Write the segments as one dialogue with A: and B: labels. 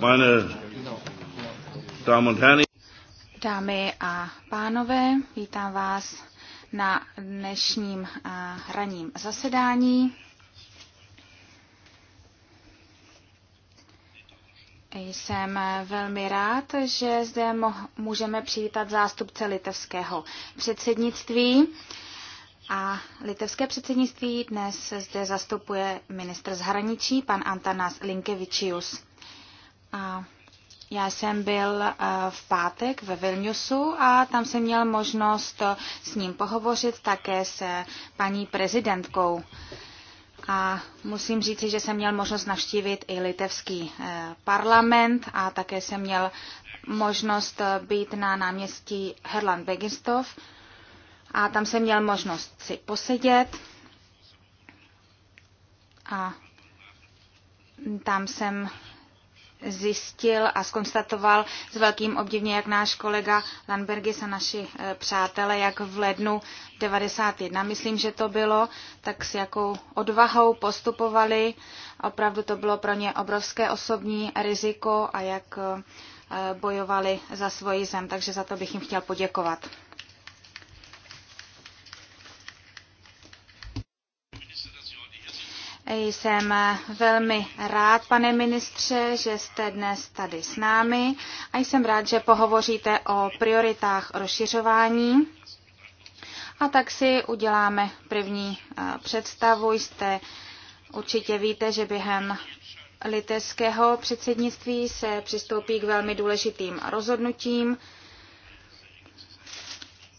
A: meine Damen und Herren.
B: Dámy a pánové, vítám vás na dnešním ranním zasedání. Jsem velmi rád, že zde můžeme přivítat zástupce litevského předsednictví. A litevské předsednictví dnes zde zastupuje ministr zahraničí, pan Antanas Linkevičius. A já jsem byl eh, v pátek ve Vilniusu a tam jsem měl možnost eh, s ním pohovořit také s eh, paní prezidentkou. A musím říci, že jsem měl možnost navštívit i litevský parlament a také jsem měl možnost být na náměstí Herland Begistov a tam jsem měl možnost si posedět a tam jsem zjistil a skonstatoval s velkým obdivně, jak náš kolega Landbergis a naši eh, přátelé, jak v lednu 91, myslím, že to bylo, tak s jakou odvahou postupovali. Opravdu to bylo pro ně obrovské osobní riziko a jak eh, bojovali za svoji zem, takže za to bych jim chtěl poděkovat. Jsem velmi rád, pane ministře, že jste dnes tady s námi a jsem rád, že pohovoříte o prioritách rozšiřování. A tak si uděláme první eh, představu. Jste určitě víte, že během litevského předsednictví se přistoupí k velmi důležitým rozhodnutím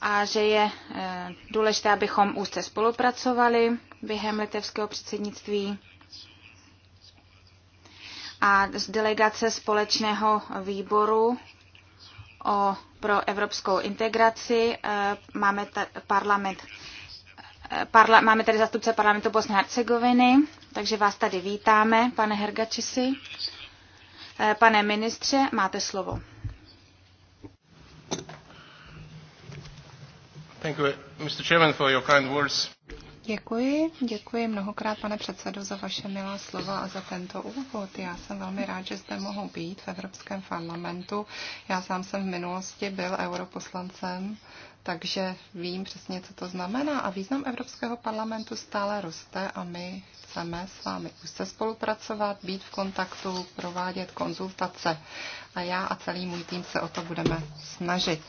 B: a že je eh, důležité, abychom úzce spolupracovali během litevského předsednictví a z delegace společného výboru o, pro evropskou integraci eh, máme, tady parlament, eh, parla, máme tady zastupce parlamentu Bosny a Hercegoviny, takže vás tady vítáme, pane Hergačisi. Pane ministře, máte slovo.
A: Thank you, Mr. Chairman, for your kind words. Děkuji, děkuji mnohokrát, pane předsedo, za vaše milá slova a za tento úvod. Já jsem velmi rád, že zde mohou být v Evropském parlamentu. Já sám jsem v minulosti byl europoslancem, takže vím přesně, co to znamená. A význam Evropského parlamentu stále roste a my chceme s vámi se spolupracovat, být v kontaktu, provádět konzultace. A já a celý můj tým se o to budeme snažit.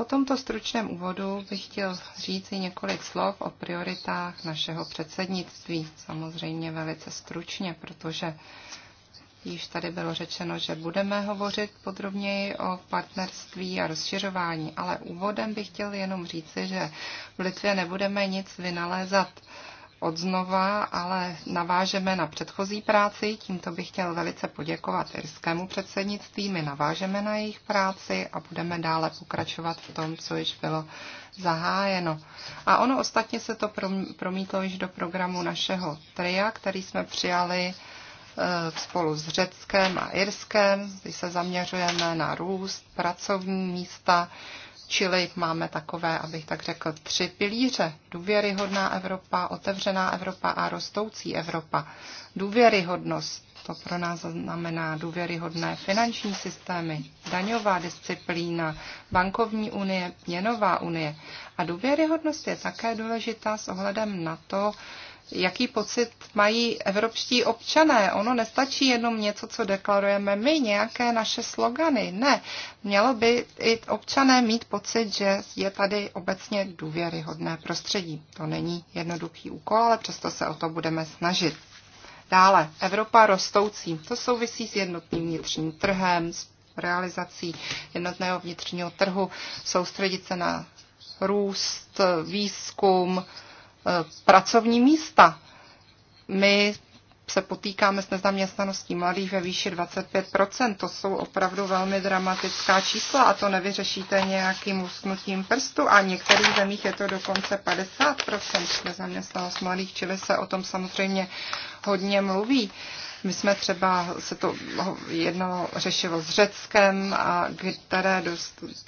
A: Po tomto stručném úvodu bych chtěl říct i několik slov o prioritách našeho předsednictví. Samozřejmě velice stručně, protože již tady bylo řečeno, že budeme hovořit podrobněji o partnerství a rozšiřování, ale úvodem bych chtěl jenom říci, že v Litvě nebudeme nic vynalézat odznova, ale navážeme na předchozí práci. Tímto bych chtěl velice poděkovat irskému předsednictví. My navážeme na jejich práci a budeme dále pokračovat v tom, co již bylo zahájeno. A ono ostatně se to promítlo již do programu našeho tria, který jsme přijali e, spolu s Řeckem a Irskem, kdy se zaměřujeme na růst, pracovní místa, Čili máme takové, abych tak řekl, tři pilíře. Důvěryhodná Evropa, otevřená Evropa a rostoucí Evropa. Důvěryhodnost, to pro nás znamená důvěryhodné finanční systémy, daňová disciplína, bankovní unie, měnová unie. A důvěryhodnost je také důležitá s ohledem na to, jaký pocit mají evropští občané. Ono nestačí jenom něco, co deklarujeme my, nějaké naše slogany. Ne, mělo by i občané mít pocit, že je tady obecně důvěryhodné prostředí. To není jednoduchý úkol, ale přesto se o to budeme snažit. Dále, Evropa rostoucí. To souvisí s jednotným vnitřním trhem, s realizací jednotného vnitřního trhu, soustředit se na růst, výzkum, E, pracovní místa. My se potýkáme s nezaměstnaností mladých ve výši 25%. To jsou opravdu velmi dramatická čísla a to nevyřešíte nějakým usnutím prstu a v některých zemích je to dokonce 50% nezaměstnanost mladých, čili se o tom samozřejmě hodně mluví. Uh, my jsme třeba se to jednalo, řešilo s Řeckem, a které,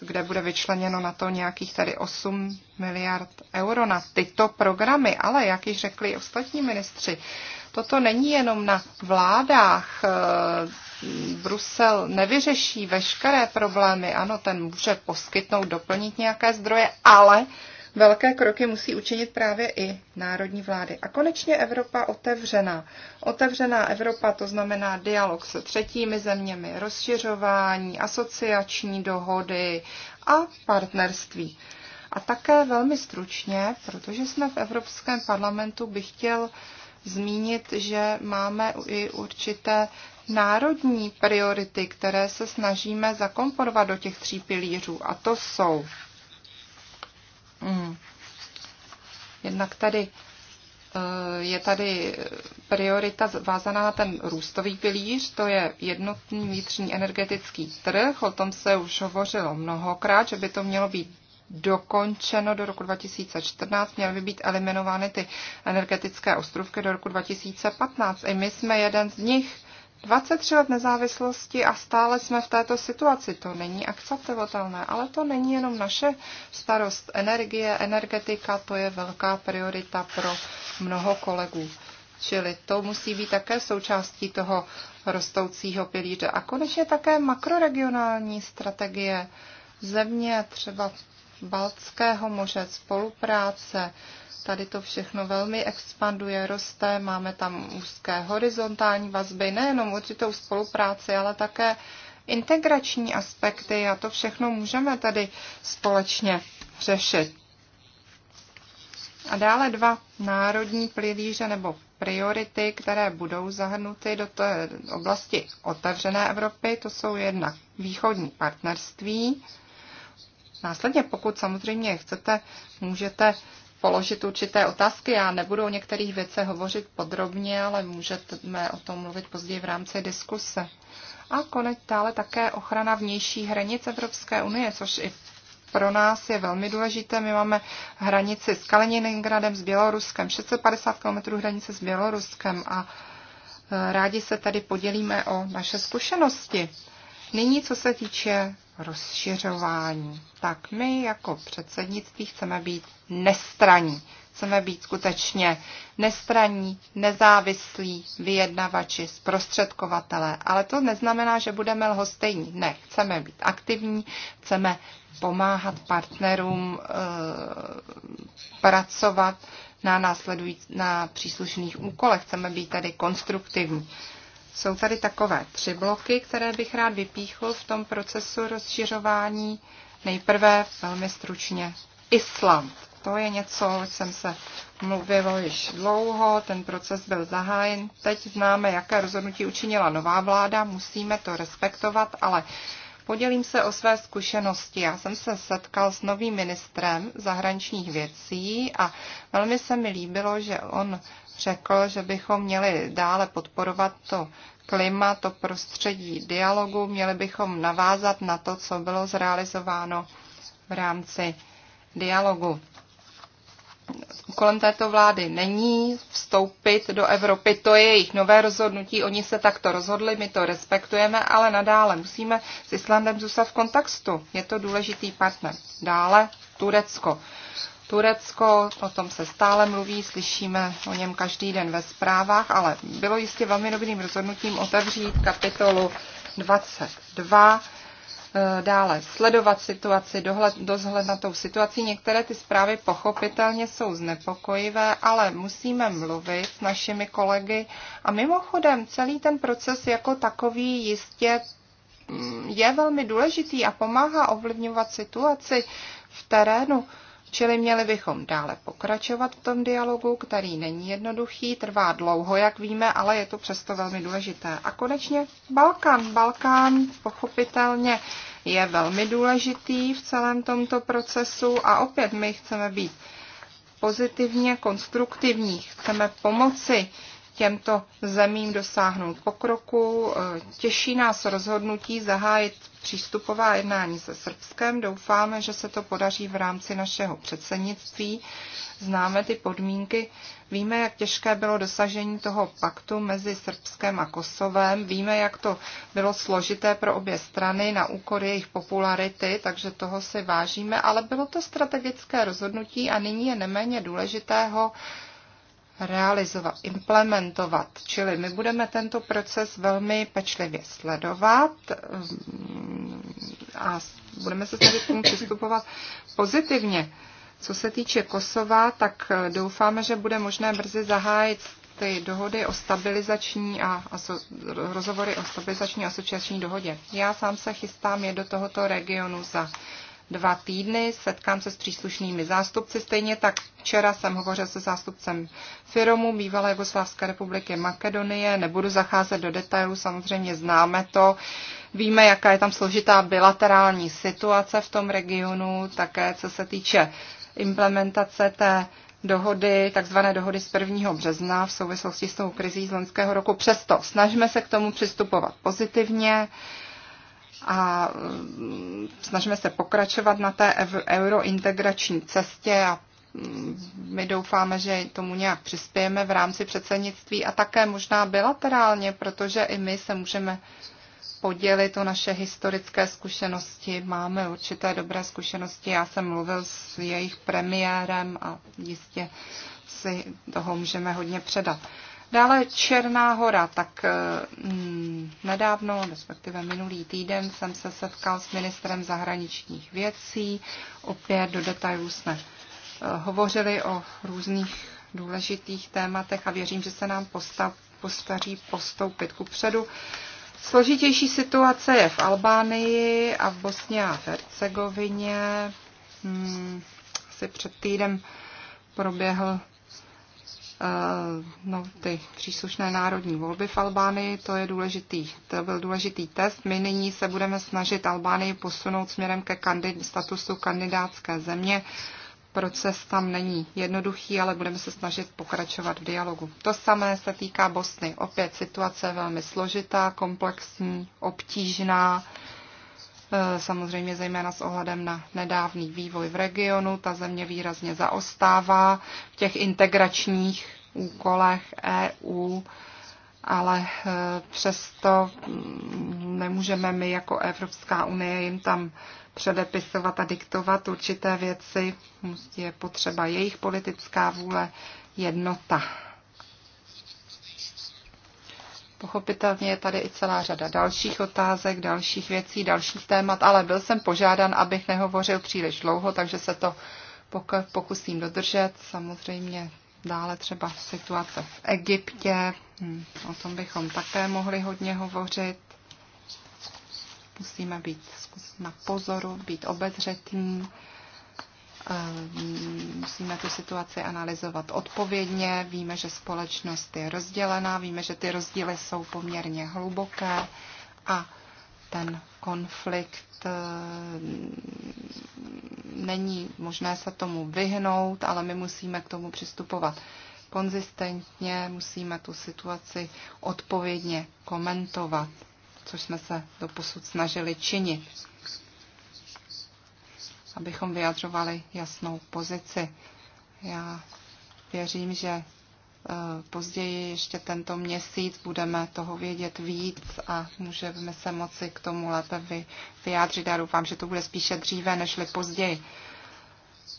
A: kde bude vyčleněno na to nějakých tady 8 miliard euro na tyto programy, ale jak již řekli i ostatní ministři, toto není jenom na vládách. Eh, Brusel nevyřeší veškeré problémy. Ano, ten může poskytnout, doplnit nějaké zdroje, ale velké kroky musí učinit právě i národní vlády. A konečně Evropa otevřená. Otevřená Evropa to znamená dialog se třetími zeměmi, rozšiřování, asociační dohody a partnerství. A také velmi stručně, protože jsme v Evropském parlamentu, bych chtěl zmínit, že máme i určité národní priority, které se snažíme zakomponovat do těch tří pilířů. A to jsou Mm. Jednak tady eh, je tady priorita vázaná na ten růstový pilíř, to je jednotný vnitřní energetický trh, o tom se už hovořilo mnohokrát, že by to mělo být dokončeno do roku 2014, měly by být eliminovány ty energetické ostrovky do roku 2015. I my jsme jeden z nich. 23 let nezávislosti a stále jsme v této situaci. To není akceptovatelné, ale to není jenom naše starost. Energie, energetika, to je velká priorita pro mnoho kolegů. Čili to musí být také součástí toho rostoucího pilíře. A konečně také makroregionální strategie země, třeba Baltského moře, spolupráce, Tady to všechno velmi expanduje, roste, máme tam úzké horizontální vazby, nejenom určitou spolupráci, ale také integrační aspekty a to všechno můžeme tady společně řešit. A dále dva národní pilíře nebo priority, které budou zahrnuty do té oblasti otevřené Evropy, to jsou jedna východní partnerství. Následně, pokud samozřejmě chcete, můžete položit určité otázky. Já nebudu o některých věcech hovořit podrobně, ale můžeme o tom mluvit později v rámci diskuse. A konec dále také ochrana vnější hranic Evropské unie, což i pro nás je velmi důležité. My máme hranici s Kaliningradem, s Běloruskem, 650 km hranice s Běloruskem a e, rádi se tady podělíme o naše zkušenosti. Nyní, co se týče rozšiřování. Tak my jako předsednictví chceme být nestraní. Chceme být skutečně nestraní, nezávislí, vyjednavači, zprostředkovatelé. Ale to neznamená, že budeme lhostejní. Ne, chceme být aktivní, chceme pomáhat partnerům e, pracovat na, následujíc, na příslušných úkolech. Chceme být tady konstruktivní. Jsou tady takové tři bloky, které bych rád vypíchl v tom procesu rozšiřování. Nejprve velmi stručně Island. To je něco, o čem se mluvilo již dlouho, ten proces byl zahájen. Teď známe, jaké rozhodnutí učinila nová vláda, musíme to respektovat, ale podělím se o své zkušenosti. Já jsem se setkal s novým ministrem zahraničních věcí a velmi se mi líbilo, že on řekl, že bychom měli dále podporovat to klima, to prostředí dialogu, měli bychom navázat na to, co bylo zrealizováno v rámci dialogu. Kolem této vlády není vstoupit do Evropy, to je jejich nové rozhodnutí, oni se takto rozhodli, my to respektujeme, ale nadále musíme s Islandem zůstat v kontaktu. Je to důležitý partner. Dále Turecko. Turecko, o tom se stále mluví, slyšíme o něm každý den ve zprávách, ale bylo jistě velmi dobrým rozhodnutím otevřít kapitolu 22, eh, dále sledovat situaci, dohled, dozhled na tou situaci. Některé ty zprávy pochopitelně jsou znepokojivé, ale musíme mluvit s našimi kolegy. A mimochodem, celý ten proces jako takový jistě mm, je velmi důležitý a pomáhá ovlivňovat situaci v terénu. Čili měli bychom dále pokračovat v tom dialogu, který není jednoduchý, trvá dlouho, jak víme, ale je to přesto velmi důležité. A konečně Balkán. Balkán pochopitelně je velmi důležitý v celém tomto procesu a opět my chceme být pozitivně konstruktivní, chceme pomoci těmto zemím dosáhnout pokroku. Eh, těší nás rozhodnutí zahájit přístupová jednání se Srbskem. Doufáme, že se to podaří v rámci našeho předsednictví. Známe ty podmínky. Víme, jak těžké bylo dosažení toho paktu mezi Srbskem a Kosovem. Víme, jak to bylo složité pro obě strany na úkor jejich popularity, takže toho si vážíme, ale bylo to strategické rozhodnutí a nyní je neméně důležitého realizovat, implementovat. Čili my budeme tento proces velmi pečlivě sledovat mm, a budeme se tady k tomu přistupovat pozitivně. Co se týče Kosova, tak eh, doufáme, že bude možné brzy zahájit ty dohody o stabilizační a aso, rozhovory o stabilizační a asociační dohodě. Já sám se chystám je do tohoto regionu za dva týdny, setkám se s příslušnými zástupci. Stejně tak včera jsem hovořil se zástupcem Firomu, bývalé Jugoslávské republiky Makedonie. Nebudu zacházet do detailů, samozřejmě známe to. Víme, jaká je tam složitá bilaterální situace v tom regionu, také co se týče implementace té dohody, takzvané dohody z 1. března v souvislosti s tou krizí z loňského roku. Přesto snažíme se k tomu přistupovat pozitivně. Uh, a mm, snažíme se pokračovat na té eurointegrační cestě a mm, my doufáme, že tomu nějak přispějeme v rámci předsednictví a také možná bilaterálně, protože i my se můžeme podělit o naše historické zkušenosti. Máme určité dobré zkušenosti. Já jsem mluvil s jejich premiérem a jistě si toho můžeme hodně předat. Dále Černá hora, tak eh, mm, nedávno, respektive minulý týden, jsem se setkal s ministrem zahraničních věcí. Opět do detailů jsme eh, hovořili o různých důležitých tématech a věřím, že se nám postav, postaří postoupit ku předu. Složitější situace je v Albánii a v Bosně a v Hercegovině. Hmm, asi před týdem proběhl Eh, no, ty příslušné národní volby v Albánii. To, je důležitý, to byl důležitý test. My nyní se budeme snažit Albánii posunout směrem ke kandid, statusu kandidátské země. Proces tam není jednoduchý, ale budeme se snažit pokračovat v dialogu. To samé se týká Bosny. Opět situace je velmi složitá, komplexní, obtížná. Uh, Eh, samozřejmě zejména s ohledem na nedávný vývoj v regionu. Ta země výrazně zaostává v těch integračních úkolech EU, ale eh, přesto mm, nemůžeme my jako Evropská unie jim tam předepisovat a diktovat určité věci. Je potřeba jejich politická vůle, jednota Pochopitelně je tady i celá řada dalších otázek, dalších věcí, dalších témat, ale byl jsem požádán, abych nehovořil příliš dlouho, takže se to pokusím dodržet. Samozřejmě dále třeba situace v Egyptě, hm, o tom bychom také mohli hodně hovořit. Musíme být na pozoru, být obezřetní. Mm, musíme tu situaci analyzovat odpovědně, víme, že společnost je rozdělená, víme, že ty rozdíly jsou poměrně hluboké a ten konflikt e, mm, není možné se tomu vyhnout, ale my musíme k tomu přistupovat konzistentně, musíme tu situaci odpovědně komentovat, což jsme se do posud snažili činit abychom vyjadřovali jasnou pozici. Já věřím, že e, později ještě tento měsíc budeme toho vědět víc a můžeme se moci k tomu lépe vyjádřit. Já doufám, že to bude spíše dříve, nežli později.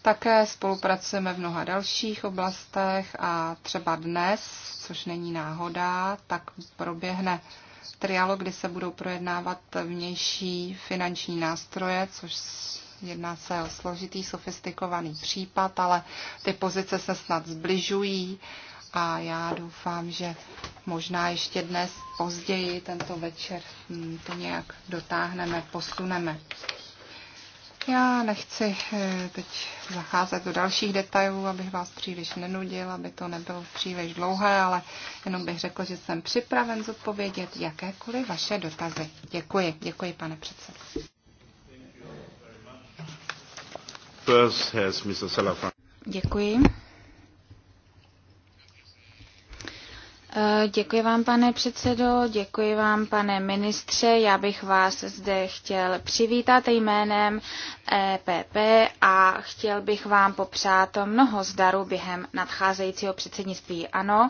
A: Také spolupracujeme v mnoha dalších oblastech a třeba dnes, což není náhoda, tak proběhne trialog, kdy se budou projednávat vnější finanční nástroje, což Jedná se o složitý, sofistikovaný případ, ale ty pozice se snad zbližují a já doufám, že možná ještě dnes později tento večer hm, to nějak dotáhneme, posuneme. Já nechci eh, teď zacházet do dalších detailů, abych vás příliš nenudil, aby to nebylo příliš dlouhé, ale jenom bych řekl, že jsem připraven zodpovědět jakékoliv vaše dotazy. Děkuji, děkuji pane předsedo. Děkuji.
B: Eh, děkuji vám, pane předsedo, děkuji vám, pane ministře. Já bych vás zde chtěl přivítat jménem EPP a chtěl bych vám popřát mnoho zdaru během nadcházejícího předsednictví. Ano,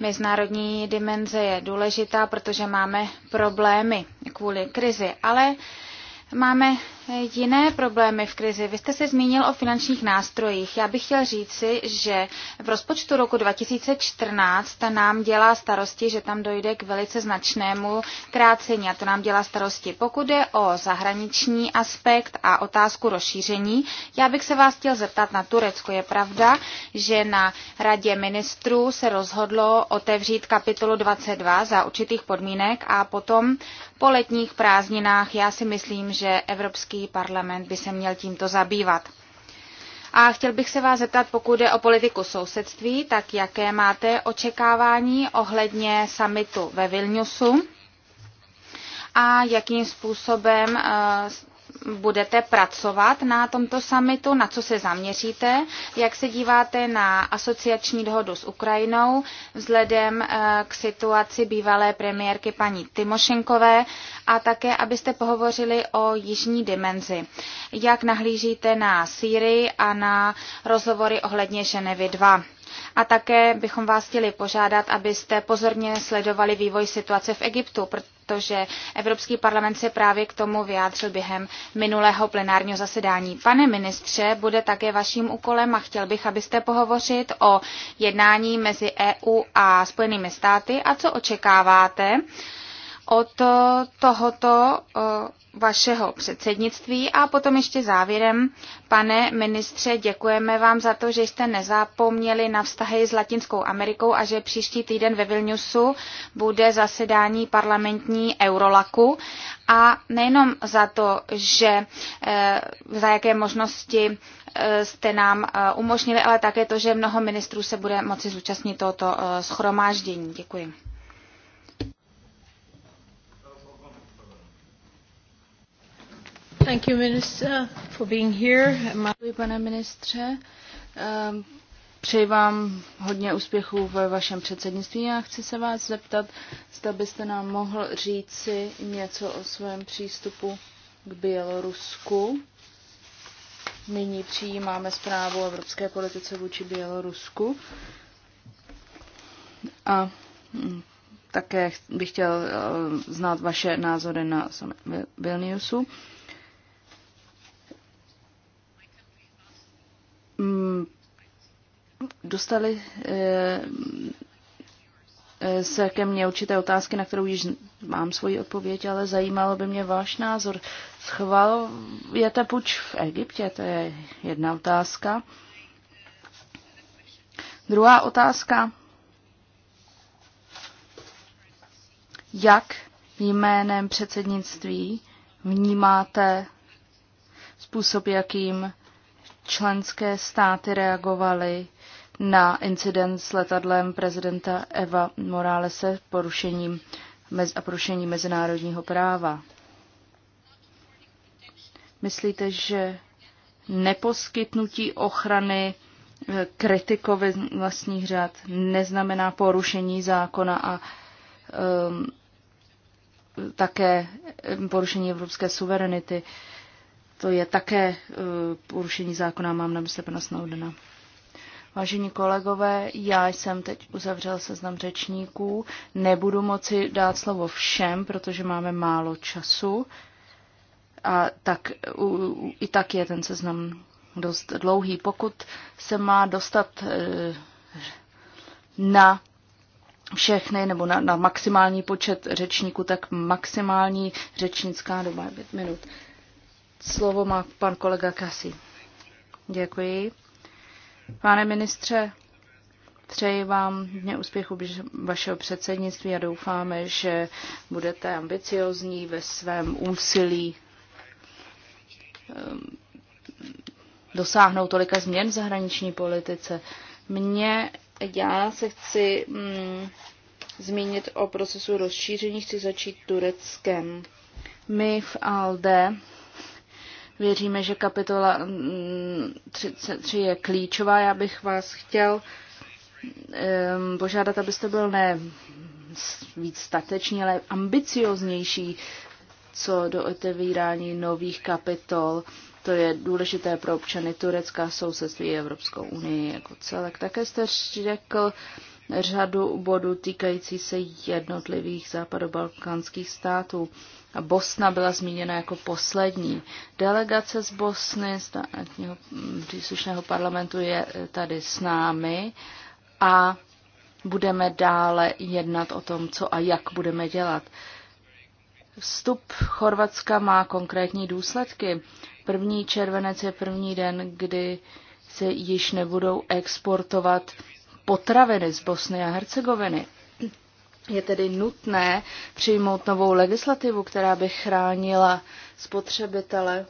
B: mezinárodní dimenze je důležitá, protože máme problémy kvůli krizi, ale máme jiné problémy v krizi. Vy jste se zmínil o finančních nástrojích. Já bych chtěl říci, že v rozpočtu roku 2014 nám dělá starosti, že tam dojde k velice značnému krácení a to nám dělá starosti. Pokud je o zahraniční aspekt a otázku rozšíření, já bych se vás chtěl zeptat na Turecko. Je pravda, že na radě ministrů se rozhodlo otevřít kapitolu 22 za určitých podmínek a potom po letních prázdninách já si myslím, že Evropský Evropský parlament by se měl tímto zabývat. A chtěl bych se vás zeptat, pokud jde o politiku sousedství, tak jaké máte očekávání ohledně samitu ve Vilniusu a jakým způsobem eh, budete pracovat na tomto summitu, na co se zaměříte, jak se díváte na asociační dohodu s Ukrajinou vzhledem eh, k situaci bývalé premiérky paní Timošenkové a také, abyste pohovořili o jižní dimenzi. Jak nahlížíte na Sýrii a na rozhovory ohledně Ženevy 2? A také bychom vás chtěli požádat, abyste pozorně sledovali vývoj situace v Egyptu, protože Evropský parlament se právě k tomu vyjádřil během minulého plenárního zasedání. Pane ministře, bude také vaším úkolem a chtěl bych, abyste pohovořit o jednání mezi EU a Spojenými státy a co očekáváte od tohoto eh, vašeho předsednictví a potom ještě závěrem, pane ministře, děkujeme vám za to, že jste nezapomněli na vztahy s Latinskou Amerikou a že příští týden ve Vilniusu bude zasedání parlamentní Eurolaku a nejenom za to, že eh, za jaké možnosti eh, jste nám umožnili, ale také to, že mnoho ministrů se bude moci zúčastnit tohoto schromáždění. Děkuji. Thank you, minister, for being
C: here. Děkuji, pane ministře. Ehm, přeji vám hodně úspěchů ve vašem předsednictví a chci se vás zeptat, zda byste nám mohl říci něco o svém přístupu k Bělorusku. Nyní přijímáme zprávu o evropské politice vůči Bělorusku. A hm, také bych chtěl ehm, znát vaše názory na Vilniusu. Bil- Dostali eh, eh, se ke mně určité otázky, na kterou již mám svoji odpověď, ale zajímalo by mě váš názor. Schvalujete puč v Egyptě? To je jedna otázka. Druhá otázka. Jak jménem předsednictví vnímáte způsob, jakým členské státy reagovaly na incident s letadlem prezidenta Eva Moralese porušením a porušení mezinárodního práva. Myslíte, že neposkytnutí ochrany eh, kritikovi vlastních řad neznamená porušení zákona a um, také ehm, porušení evropské suverenity. To je také uh, porušení zákona, mám na mysli pana Snowdena. Vážení kolegové, já jsem teď uzavřel seznam řečníků. Nebudu moci dát slovo všem, protože máme málo času. A tak, i tak je ten seznam dost dlouhý. Pokud se má dostat e, na všechny nebo na, na maximální počet řečníků, tak maximální řečnická doba je pět minut. Slovo má pan kolega Kasi. Děkuji. Pane ministře, přeji vám dně úspěchu vašeho předsednictví a doufáme, že budete ambiciozní ve svém úsilí ehm, dosáhnout tolika změn v zahraniční politice. Mně, já se chci mm, zmínit o procesu rozšíření, chci začít Tureckem. My v ALDE Věříme, že kapitola 33 mm, je klíčová. Já bych vás chtěl požádat, abyste byl ne víc statečný, ale ambicioznější co do otevírání nových kapitol. To je důležité pro občany Turecka, sousedství Evropskou unii jako celek. Také jste řekl, řadu bodů týkající se jednotlivých západobalkánských států. A Bosna byla zmíněna jako poslední. Delegace z Bosny, státního mm, příslušného parlamentu, je eh, tady s námi a budeme dále jednat o tom, co a jak budeme dělat. Vstup Chorvatska má konkrétní důsledky. První červenec je první den, kdy se již nebudou exportovat potraviny z Bosny a Hercegoviny. Je tedy nutné přijmout novou legislativu, která by chránila spotřebitele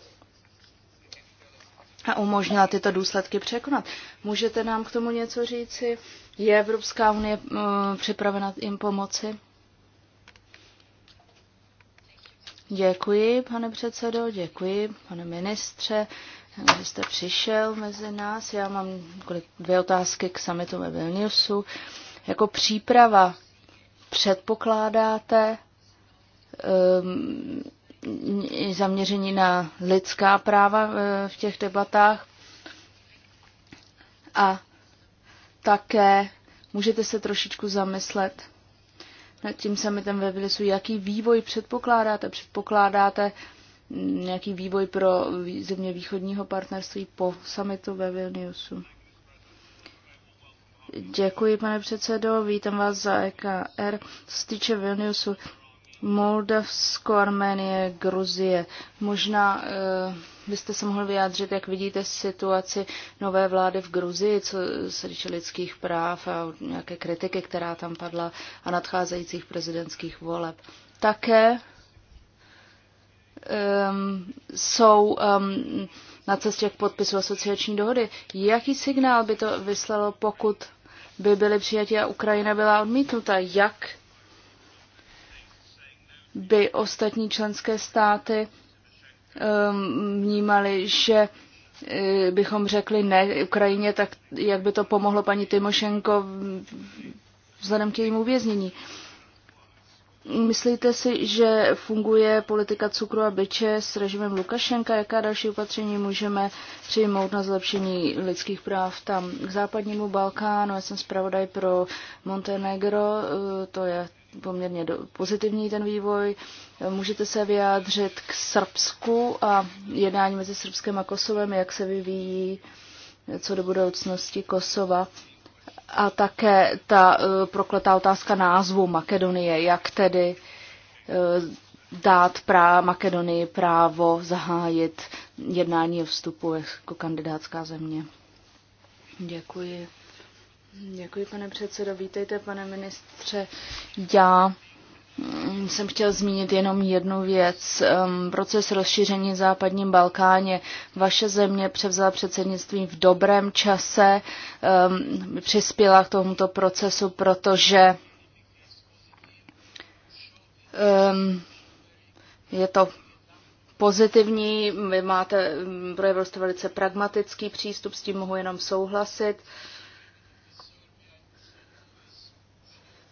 C: a umožnila tyto důsledky překonat. Můžete nám k tomu něco říci? Je Evropská unie eh, připravena jim pomoci? Děkuji, pane předsedo, děkuji, pane ministře že jste přišel mezi nás. Já mám dvě otázky k summitu ve Vilniusu. Jako příprava předpokládáte um, zaměření na lidská práva eh, v těch debatách a také můžete se trošičku zamyslet nad tím samitem ve Vilniusu, jaký vývoj předpokládáte. Předpokládáte nějaký vývoj pro země východního partnerství po summitu ve Vilniusu. Děkuji, pane předsedo, vítám vás za EKR. Co se týče Vilniusu, Moldavsko, Arménie, Gruzie. Možná uh, byste se mohl vyjádřit, jak vidíte situaci nové vlády v Gruzii, co se týče lidských práv a nějaké kritiky, která tam padla a nadcházejících prezidentských voleb. Také um, jsou um, na cestě k podpisu asociační dohody. Jaký signál by to vyslalo, pokud by byly přijatí a Ukrajina byla odmítnuta? Jak by ostatní členské státy um, vnímali, že eh, bychom řekli ne Ukrajině, tak jak by to pomohlo paní Timošenko vzhledem k jejímu věznění. Um, Myslíte si, že funguje politika cukru a byče s režimem Lukašenka? Jaká další opatření můžeme přijmout na zlepšení lidských práv tam k západnímu Balkánu? Já jsem zpravodaj pro Montenegro, eh, to je poměrně pozitivní ten vývoj. Eh, můžete se vyjádřit k Srbsku a jednání mezi Srbskem a Kosovem, jak se vyvíjí eh, co do budoucnosti Kosova a také ta e, prokletá otázka názvu Makedonie, jak tedy e, dát prá Makedonii právo zahájit jednání o vstupu jako kandidátská země. Děkuji. Děkuji, pane předsedo. Vítejte, pane ministře. Já Mm, jsem chtěl zmínit jenom jednu věc. Um, proces rozšíření v západním Balkáně. Vaše země převzala předsednictví v dobrém čase, um, přispěla k tomuto procesu, protože um, je to pozitivní, vy máte, mm, projevil jste velice pragmatický přístup, s tím mohu jenom souhlasit.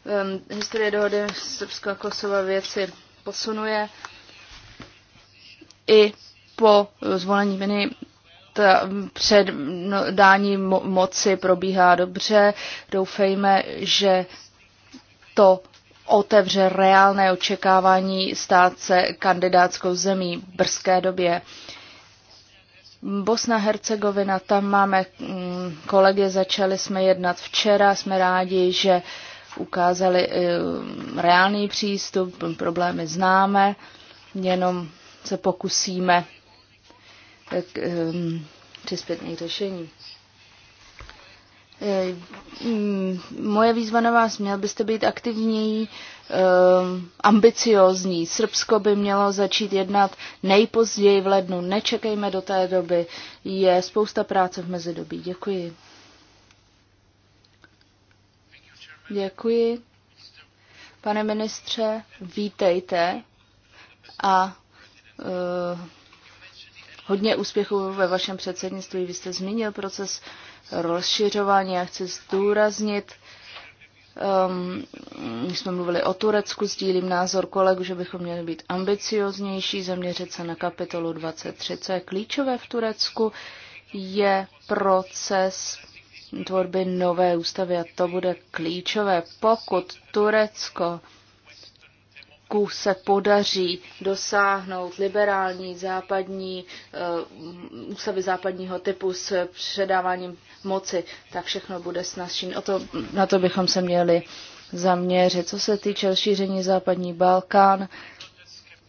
C: Um, historie dohody Srbsko a Kosova věci posunuje. I po zvolení mini ta před no, mo- moci probíhá dobře. Doufejme, že to otevře reálné očekávání stát se kandidátskou zemí v brzké době. Bosna Hercegovina, tam máme mm, kolegy, začali jsme jednat včera, jsme rádi, že uh, ukázali eh, reálný přístup, problémy známe, jenom se pokusíme tak, eh, ehm, přispět k řešení. Eh, mm, moje výzva na vás, měl byste být aktivní, ehm, ambiciozní. Srbsko by mělo začít jednat nejpozději v lednu. Nečekejme do té doby. Je spousta práce v mezidobí. Děkuji. Děkuji. Pane ministře, vítejte a uh, hodně úspěchů ve vašem předsednictví. Vy jste zmínil proces rozšiřování. a chci zdůraznit, um, My jsme mluvili o Turecku, sdílím názor kolegu, že bychom měli být ambicioznější, zaměřit se na kapitolu 23. Co je klíčové v Turecku, je proces tvorby nové ústavy a to bude klíčové, pokud Turecko se podaří dosáhnout liberální západní uh, ústavy západního typu s předáváním moci, tak všechno bude snažší. O to, na to bychom se měli zaměřit. Co se týče šíření západní Balkán,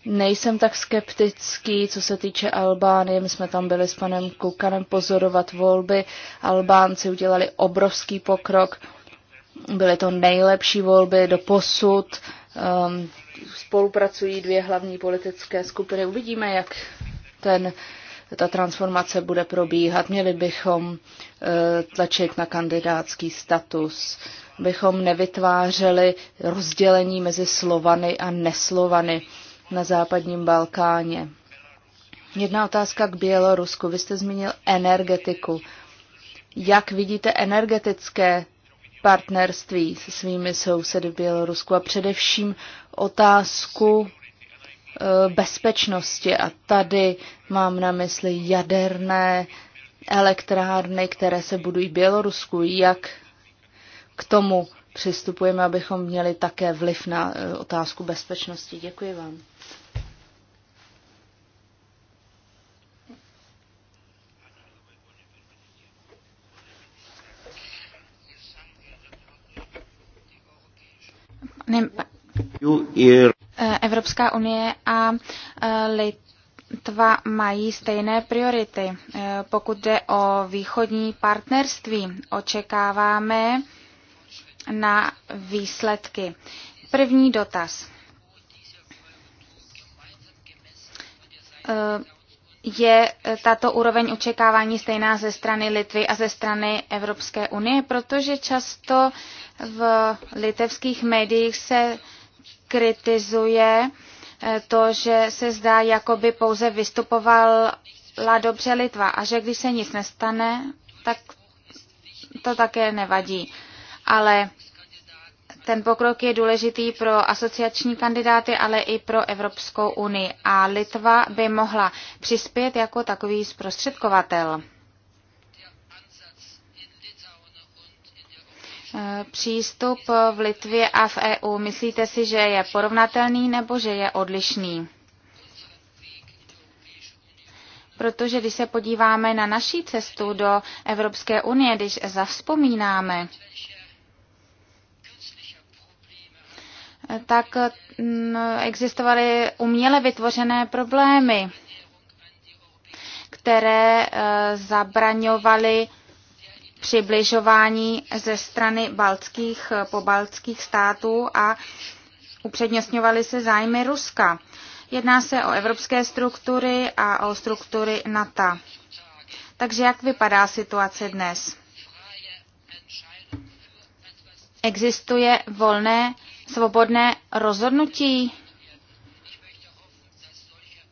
C: nejsem tak skeptický, co se týče Albánie. My jsme tam byli s panem Kukanem pozorovat volby. Albánci udělali obrovský pokrok. Byly to nejlepší volby do posud. Um, spolupracují dvě hlavní politické skupiny. Uvidíme, jak ten, ta transformace bude probíhat. Měli bychom uh, tlačit na kandidátský status, bychom nevytvářeli rozdělení mezi Slovany a neslovany. Uh, na západním Balkáně. Jedna otázka k Bělorusku. Vy jste zmínil energetiku. Jak vidíte energetické partnerství se svými sousedy v Bělorusku a především otázku eh, bezpečnosti. A tady mám na mysli jaderné elektrárny, které se budují v Bělorusku. Jak k tomu přistupujeme, abychom měli také vliv na eh, otázku bezpečnosti. Děkuji vám.
A: Eh,
B: Evropská unie a eh, Litva mají stejné priority. Pokud jde o východní partnerství, očekáváme, na výsledky. První dotaz. Eh, je tato úroveň očekávání stejná ze strany Litvy a ze strany Evropské unie, protože často v litevských médiích se kritizuje eh, to, že se zdá, jako by pouze vystupovala dobře Litva a že když se nic nestane, tak to také nevadí ale ten pokrok je důležitý pro asociační kandidáty, ale i pro Evropskou unii. A Litva by mohla přispět jako takový zprostředkovatel. Přístup v Litvě a v EU, myslíte si, že je porovnatelný nebo že je odlišný? Protože když se podíváme na naší cestu do Evropské unie, když zavzpomínáme, tak mm, existovaly uměle vytvořené problémy, které eh, zabraňovaly přibližování ze strany baltských, eh, pobaltských států a upřednostňovaly se zájmy Ruska. Jedná se o evropské struktury a o struktury NATO. Takže jak vypadá situace dnes? Existuje volné svobodné rozhodnutí?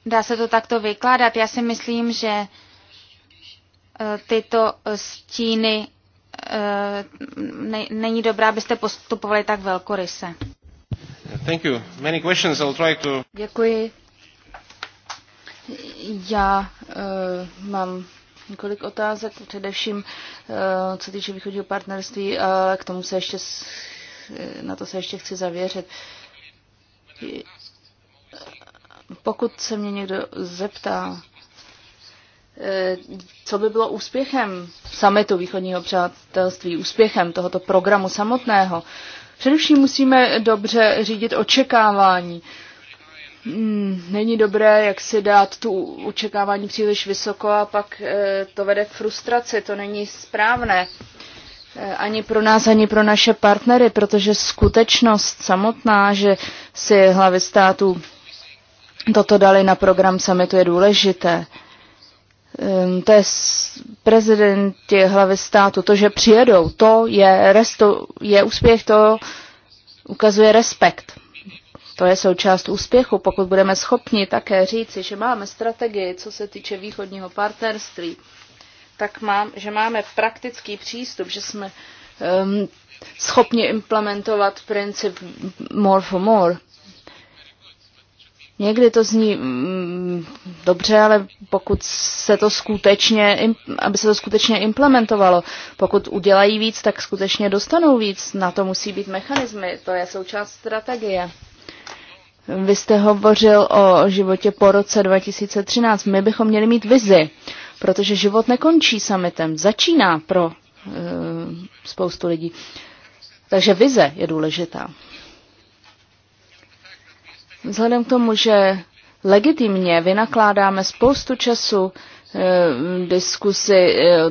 B: Dá se to takto vykládat? Já si myslím, že e, tyto e, stíny e, ne, není dobré, abyste postupovali tak velkoryse.
A: Thank you. Many questions. I'll try to...
B: Děkuji. Já uh, mám
C: několik otázek, především uh, co týče východního partnerství, a k tomu se ještě Eh, na to se ještě chci zavěřit. Pokud se mě někdo zeptá, eh, co by bylo úspěchem summitu východního přátelství, úspěchem tohoto programu samotného, především musíme dobře řídit očekávání. Hmm, není dobré, jak si dát tu očekávání příliš vysoko a pak eh, to vede k frustraci, to není správné. Eh, ani pro nás, ani pro naše partnery, protože skutečnost samotná, že si hlavy států toto dali na program summitu, je důležité. Ehm, to je prezidenti hlavy státu, to, že přijedou, to je, to je úspěch, to ukazuje respekt. To je součást úspěchu, pokud budeme schopni také říci, že máme strategii, co se týče východního partnerství tak mám, že máme praktický přístup, že jsme um, schopni implementovat princip more for more. Někdy to zní mm, dobře, ale pokud se to skutečně, aby se to skutečně implementovalo, pokud udělají víc, tak skutečně dostanou víc. Na to musí být mechanismy, to je součást strategie. Vy jste hovořil o životě po roce 2013. My bychom měli mít vizi protože život nekončí summitem, začíná pro e, spoustu lidí. Takže vize je důležitá. Vzhledem k tomu, že legitimně vynakládáme spoustu času e, diskusy e, eh,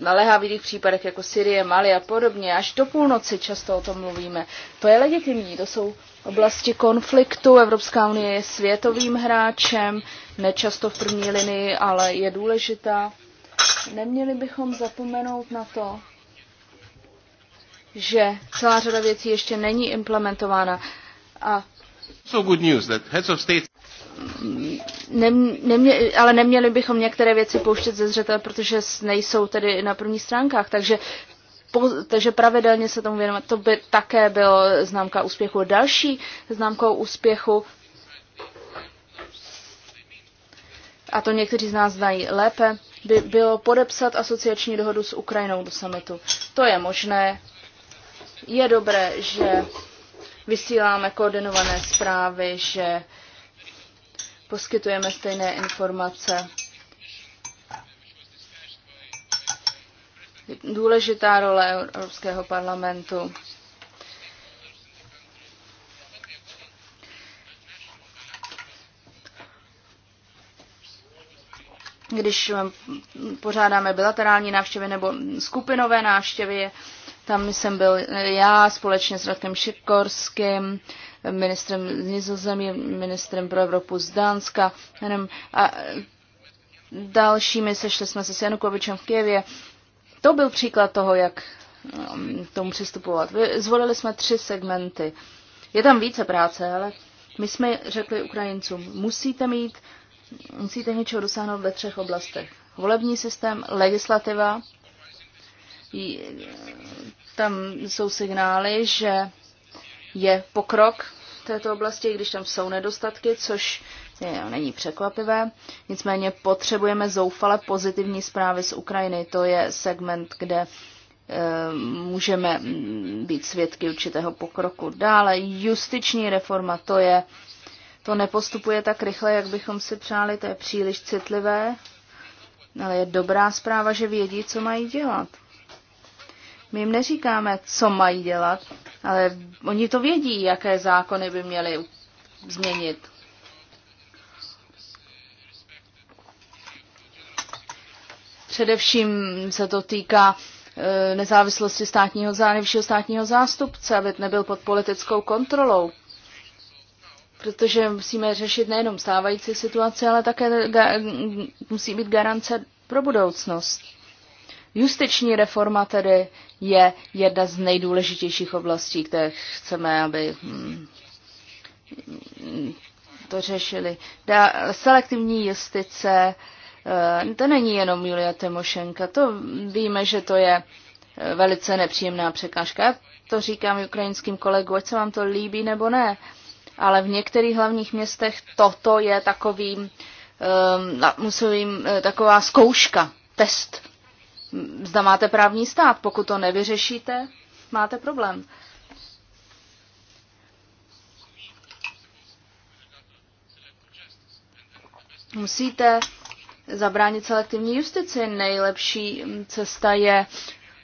C: na lehavých případech jako Syrie, Mali a podobně, až do půlnoci často o tom mluvíme. To je legitimní, to jsou oblasti konfliktu. Evropská unie je světovým hráčem, nečasto v první linii, ale je důležitá. Neměli bychom zapomenout na to, že celá řada věcí ještě není implementována. A
A: so good news that heads of state...
C: Nem, nemě, ale neměli bychom některé věci pouštět ze zřetele, protože nejsou tedy na prvních stránkách. Takže takže pravidelně se tomu věnovat, to by také bylo známka úspěchu. Další známkou úspěchu, a to někteří z nás znají lépe, by bylo podepsat asociační dohodu s Ukrajinou do summitu. To je možné. Je dobré, že vysíláme koordinované zprávy, že poskytujeme stejné informace důležitá role Evropského parlamentu. Když eh, pořádáme bilaterální návštěvy nebo skupinové návštěvy, tam jsem byl já společně s Radkem Šikorským, ministrem z Nizozemí, ministrem pro Evropu z Dánska. A dalšími sešli jsme se s Janukovičem v Kijevě to byl příklad toho, jak um, k tomu přistupovat. Zvolili jsme tři segmenty. Je tam více práce, ale my jsme řekli Ukrajincům, musíte mít, musíte něčeho dosáhnout ve třech oblastech. Volební systém, legislativa, tam jsou signály, že je pokrok v této oblasti, když tam jsou nedostatky, což není překvapivé. Nicméně potřebujeme zoufale pozitivní zprávy z Ukrajiny. To je segment, kde eh, můžeme mm, být svědky určitého pokroku. Dále justiční reforma, to je, to nepostupuje tak rychle, jak bychom si přáli, to je příliš citlivé, ale je dobrá zpráva, že vědí, co mají dělat. My jim neříkáme, co mají dělat, ale oni to vědí, jaké zákony by měli změnit. Především se to týká e, nezávislosti státního, nejvyššího státního zástupce, aby nebyl pod politickou kontrolou. Protože musíme řešit nejenom stávající situaci, ale také musí být garance pro budoucnost. Justiční reforma tedy je jedna z nejdůležitějších oblastí, které chceme, aby mm, to řešili. Da, selektivní justice, Eh, to není jenom Julia Timošenka, to víme, že to je eh, velice nepříjemná překážka. Já to říkám ukrajinským kolegům, ať se vám to líbí nebo ne, ale v některých hlavních městech toto je takovým, ehm, musím, eh, taková zkouška, test. Zda máte právní stát, pokud to nevyřešíte, máte problém. Musíte zabránit selektivní justici. Nejlepší cesta je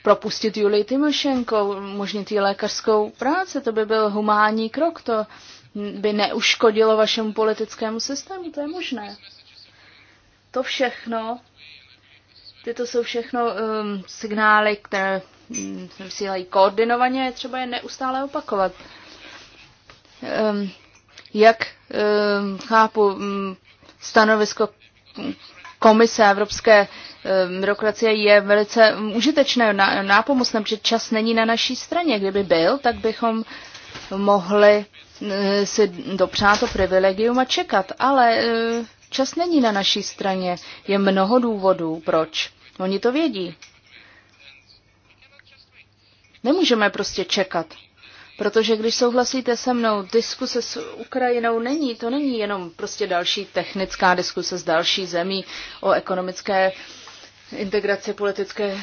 C: propustit Julii Tymošenko, možnit jí lékařskou práci. To by byl humánní krok, to by neuškodilo vašemu politickému systému, to je možné. To všechno, tyto jsou všechno um, signály, které um, vysílají koordinovaně, je třeba je neustále opakovat. Um, jak um, chápu um, stanovisko komise a evropské eh, byrokracie je velice užitečné, nápomocné, protože čas není na naší straně. Kdyby byl, tak bychom mohli eh, si dopřát to privilegium a čekat, ale eh, čas není na naší straně. Je mnoho důvodů, proč. Oni to vědí. Nemůžeme prostě čekat. Protože když souhlasíte se mnou, diskuse s Ukrajinou není, to není jenom prostě další technická diskuse s další zemí o ekonomické integraci, politické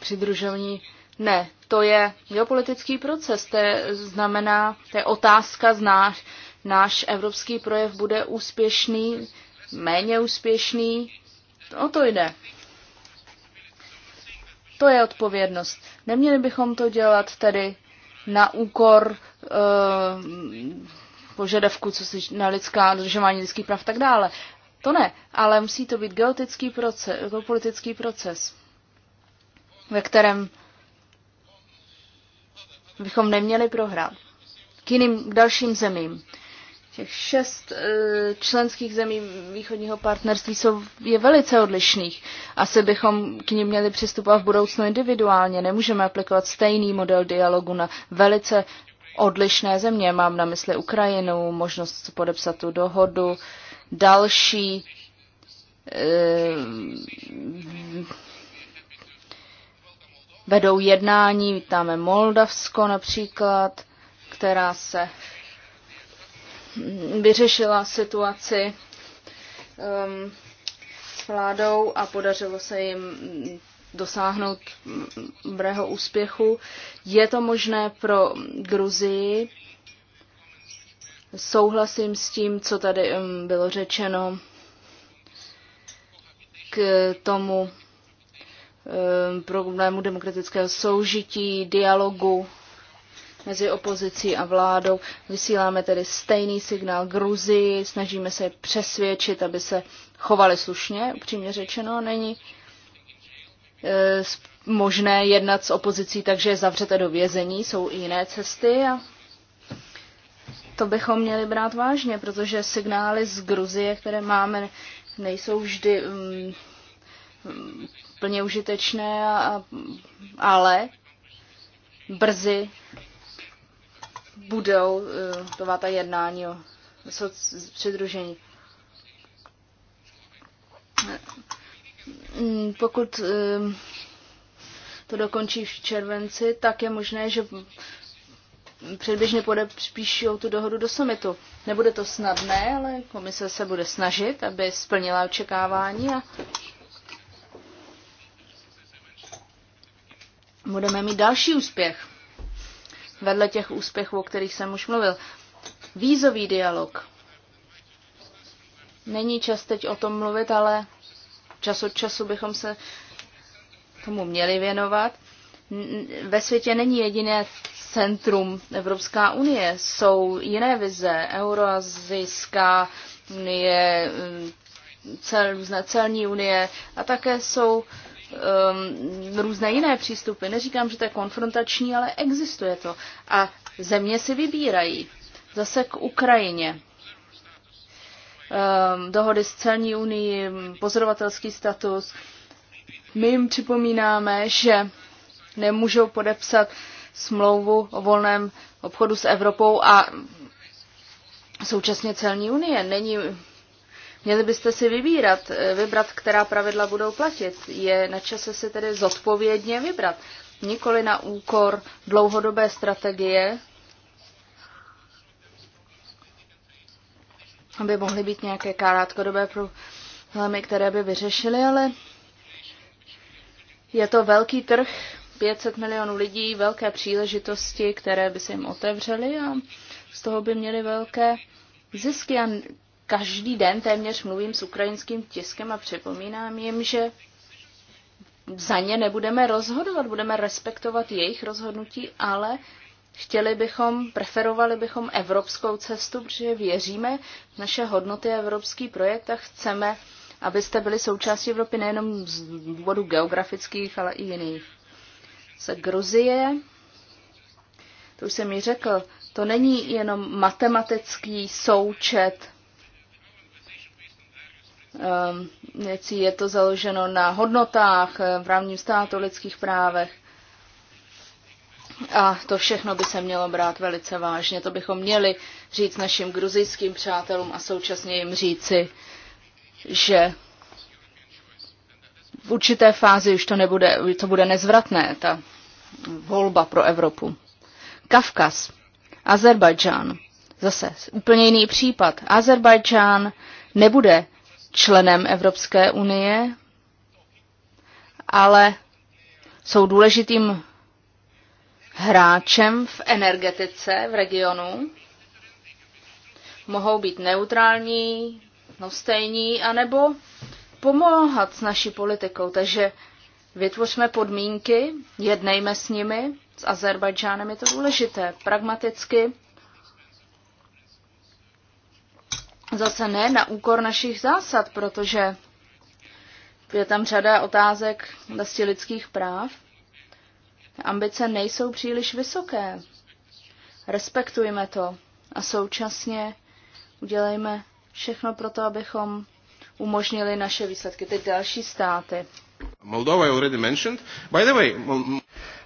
C: přidružení. Ne, to je geopolitický proces, to je, znamená, to je otázka z náš, náš evropský projev bude úspěšný, méně úspěšný, o to jde. To je odpovědnost. Neměli bychom to dělat tedy na úkor eh, požadavku co se na lidská dodržování lidských práv a tak dále. To ne, ale musí to být geotický proces, geopolitický proces, ve kterém bychom neměli prohrát. K jiným, k dalším zemím těch šest eh, členských zemí východního partnerství jsou, je velice odlišných. Asi bychom k ním měli přistupovat v budoucnu individuálně. Nemůžeme aplikovat stejný model dialogu na velice odlišné země. Mám na mysli Ukrajinu, možnost podepsat tu dohodu, další eh, vedou jednání, vítáme Moldavsko například, která se vyřešila situaci um, vládou a podařilo se jim dosáhnout dobrého úspěchu. Je to možné pro Gruzii. Souhlasím s tím, co tady um, bylo řečeno k tomu um, problému demokratického soužití, dialogu mezi opozicí a vládou. Vysíláme tedy stejný signál Gruzii, snažíme se přesvědčit, aby se chovali slušně, upřímně řečeno, není e, možné jednat s opozicí, takže zavřete do vězení, jsou i jiné cesty a to bychom měli brát vážně, protože signály z Gruzie, které máme, nejsou vždy um, plně užitečné, a, ale brzy budou taková eh, ta jednání o přidružení. Mm, pokud eh, to dokončí v červenci, tak je možné, že předběžně podepíšou tu dohodu do summitu. Nebude to snadné, ale komise se bude snažit, aby splnila očekávání a budeme mít další úspěch vedle těch úspěchů, o kterých jsem už mluvil. Vízový dialog. Není čas teď o tom mluvit, ale čas od času bychom se tomu měli věnovat. Ve světě není jediné centrum Evropská unie. Jsou jiné vize, euroazijská unie, mm, cel, různé celní unie a také jsou um, různé jiné přístupy. Neříkám, že to je konfrontační, ale existuje to. A země si vybírají. Zase k Ukrajině. Um, dohody s celní unii, pozorovatelský status. My jim připomínáme, že nemůžou podepsat smlouvu o volném obchodu s Evropou a současně celní unie. Není Měli byste si vybírat, eh, vybrat, která pravidla budou platit. Je na čase si tedy zodpovědně vybrat. Nikoli na úkor dlouhodobé strategie, aby mohly být nějaké krátkodobé problémy, které by vyřešily, ale je to velký trh, 500 milionů lidí, velké příležitosti, které by se jim otevřely a z toho by měli velké zisky a každý den téměř mluvím s ukrajinským tiskem a připomínám jim, že za ně nebudeme rozhodovat, budeme respektovat jejich rozhodnutí, ale chtěli bychom, preferovali bychom evropskou cestu, protože věříme v naše hodnoty evropský projekt a chceme, abyste byli součástí Evropy nejenom z důvodu geografických, ale i jiných. Se Gruzie, to už jsem ji řekl, to není jenom matematický součet Ehm, věcí. Je to založeno na hodnotách, eh, rámním státu, lidských právech. A to všechno by se mělo brát velice vážně. To bychom měli říct našim gruzijským přátelům a současně jim říci, že v určité fázi už to, nebude, to bude nezvratné, ta volba pro Evropu. Kavkaz, Azerbajdžán, zase úplně jiný případ. Azerbajdžán nebude členem Evropské unie, ale jsou důležitým hráčem v energetice v regionu. Mohou být neutrální, no stejní, anebo pomáhat s naší politikou. Takže vytvořme podmínky, jednejme s nimi, s Azerbajdžánem je to důležité, pragmaticky zase ne na úkor našich zásad, protože je tam řada otázek vlastně lidských práv. Ambice nejsou příliš vysoké. Respektujme to a současně udělejme všechno pro to, abychom umožnili naše výsledky. Teď další státy.
A: Moldova je already mentioned. By the way, Mol-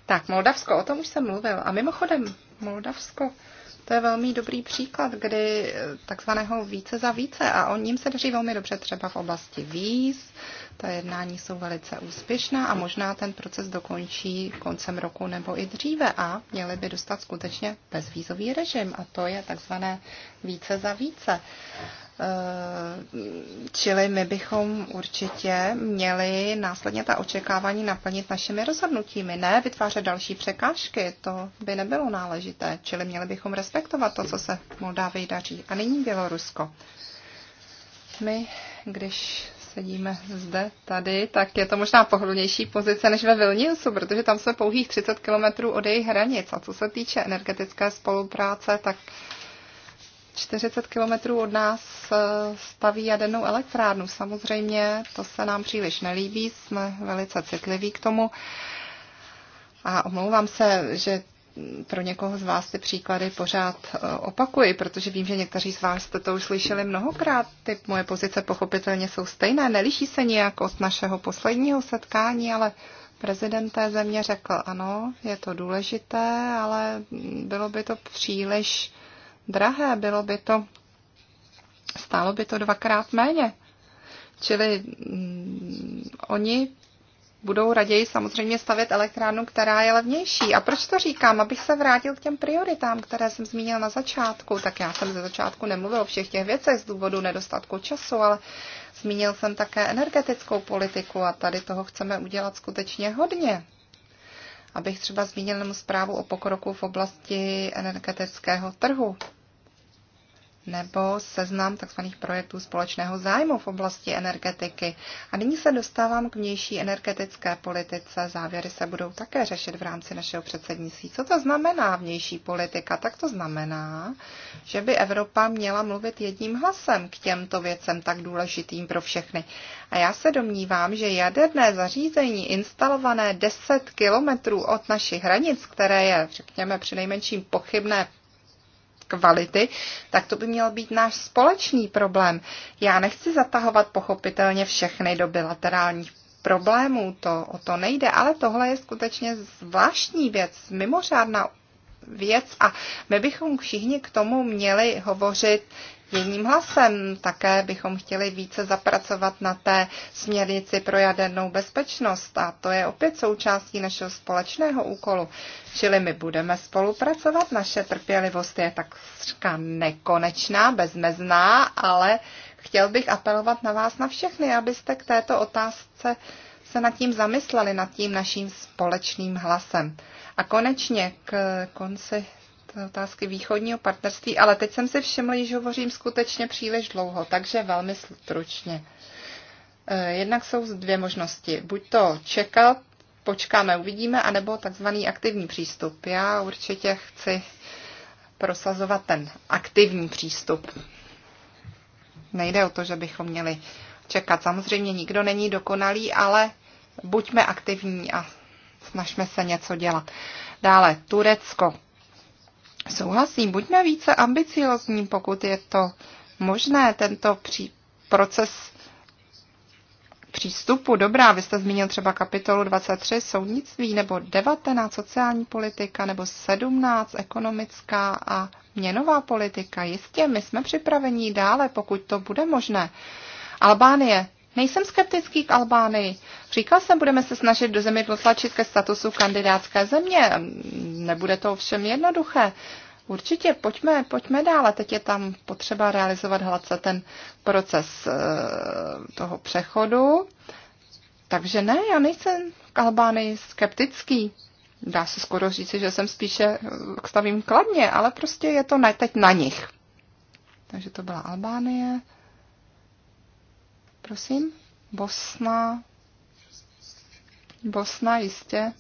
A: tak, Moldavsko, o tom už jsem mluvil. A mimochodem, Moldavsko to je velmi dobrý příklad, kdy eh, takzvaného více za více a o ním se daří velmi dobře třeba v oblasti víz. Ta jednání jsou velice úspěšná a možná ten proces dokončí koncem roku nebo i dříve a měli by dostat skutečně bezvízový režim a to je takzvané více za více. Eh, čili my bychom určitě měli následně ta očekávání naplnit našimi rozhodnutími, ne vytvářet další překážky, to by nebylo náležité, čili měli bychom respektovat to, co se Moldávii daří. A nyní Bělorusko. My, když sedíme zde, tady, tak je to možná pohodlnější pozice než ve Vilniusu, protože tam jsme pouhých 30 kilometrů od jejich hranic. A co se týče energetické spolupráce, tak 40 kilometrů od nás eh, staví jadernou elektrárnu. Samozřejmě to se nám příliš nelíbí, jsme velice citliví k tomu. A omlouvám se, že pro někoho z vás ty příklady pořád eh, opakuji, protože vím, že někteří z vás jste to už slyšeli mnohokrát. Ty moje pozice pochopitelně jsou stejné, neliší se nijak od našeho posledního setkání, ale prezident té země řekl, ano, je to důležité, ale bylo by to příliš drahé, bylo by to, stálo by to dvakrát méně. Čili mm, oni budou raději samozřejmě stavět elektrárnu, která je levnější. A proč to říkám? Abych se vrátil k těm prioritám, které jsem zmínil na začátku. Tak já jsem ze začátku nemluvil o všech těch věcech z důvodu nedostatku času, ale zmínil jsem také energetickou politiku a tady toho chceme udělat skutečně hodně abych třeba zmínil jenom zprávu o pokroku v oblasti energetického trhu nebo seznam tzv. projektů společného zájmu v oblasti energetiky. A nyní se dostávám k vnější energetické politice. Závěry se budou také řešit v rámci našeho předsednictví. Co to znamená vnější politika? Tak to znamená, že by Evropa měla mluvit jedním hlasem k těmto věcem tak důležitým pro všechny. A já se domnívám, že jaderné zařízení instalované 10 kilometrů od našich hranic, které je, řekněme, přinejmenším pochybné kvality, tak to by měl být náš společný problém. Já nechci zatahovat pochopitelně všechny do bilaterálních problémů, to o to nejde, ale tohle je skutečně zvláštní věc, mimořádná věc a my bychom všichni k tomu měli hovořit jedním hlasem. Také bychom chtěli více zapracovat na té směrnici pro jadernou bezpečnost a to je opět součástí našeho společného úkolu. Čili my budeme spolupracovat, naše trpělivost je tak říká nekonečná, bezmezná, ale chtěl bych apelovat na vás na všechny, abyste k této otázce se nad tím zamysleli, nad tím naším společným hlasem. A konečně k konci otázky východního partnerství, ale teď jsem si všiml, že hovořím skutečně příliš dlouho, takže velmi stručně. Eh, jednak jsou dvě možnosti. Buď to čekat, počkáme, uvidíme, anebo takzvaný aktivní přístup. Já určitě chci prosazovat ten aktivní přístup. Nejde o to, že bychom měli čekat. Samozřejmě nikdo není dokonalý, ale buďme aktivní a snažme se něco dělat. Dále Turecko souhlasím. Buďme více ambiciozní, pokud je to možné, tento pří, proces přístupu. Dobrá, vy jste zmínil třeba kapitolu 23 soudnictví, nebo 19 sociální politika, nebo 17 ekonomická a měnová politika. Jistě, my jsme připraveni dále, pokud to bude možné. Albánie Nejsem skeptický k Albánii. Říkal jsem, budeme se snažit do zemi dotlačit ke statusu kandidátské země. Nebude to ovšem jednoduché. Určitě, pojďme, pojďme dále. Teď je tam potřeba realizovat hladce ten proces eh, toho přechodu. Takže ne, já nejsem k Albánii skeptický. Dá se skoro říci, že jsem spíše eh, stavím kladně, ale prostě je to teď na nich. Takže to byla Albánie. Prosím? Bosna. Bosna jistě.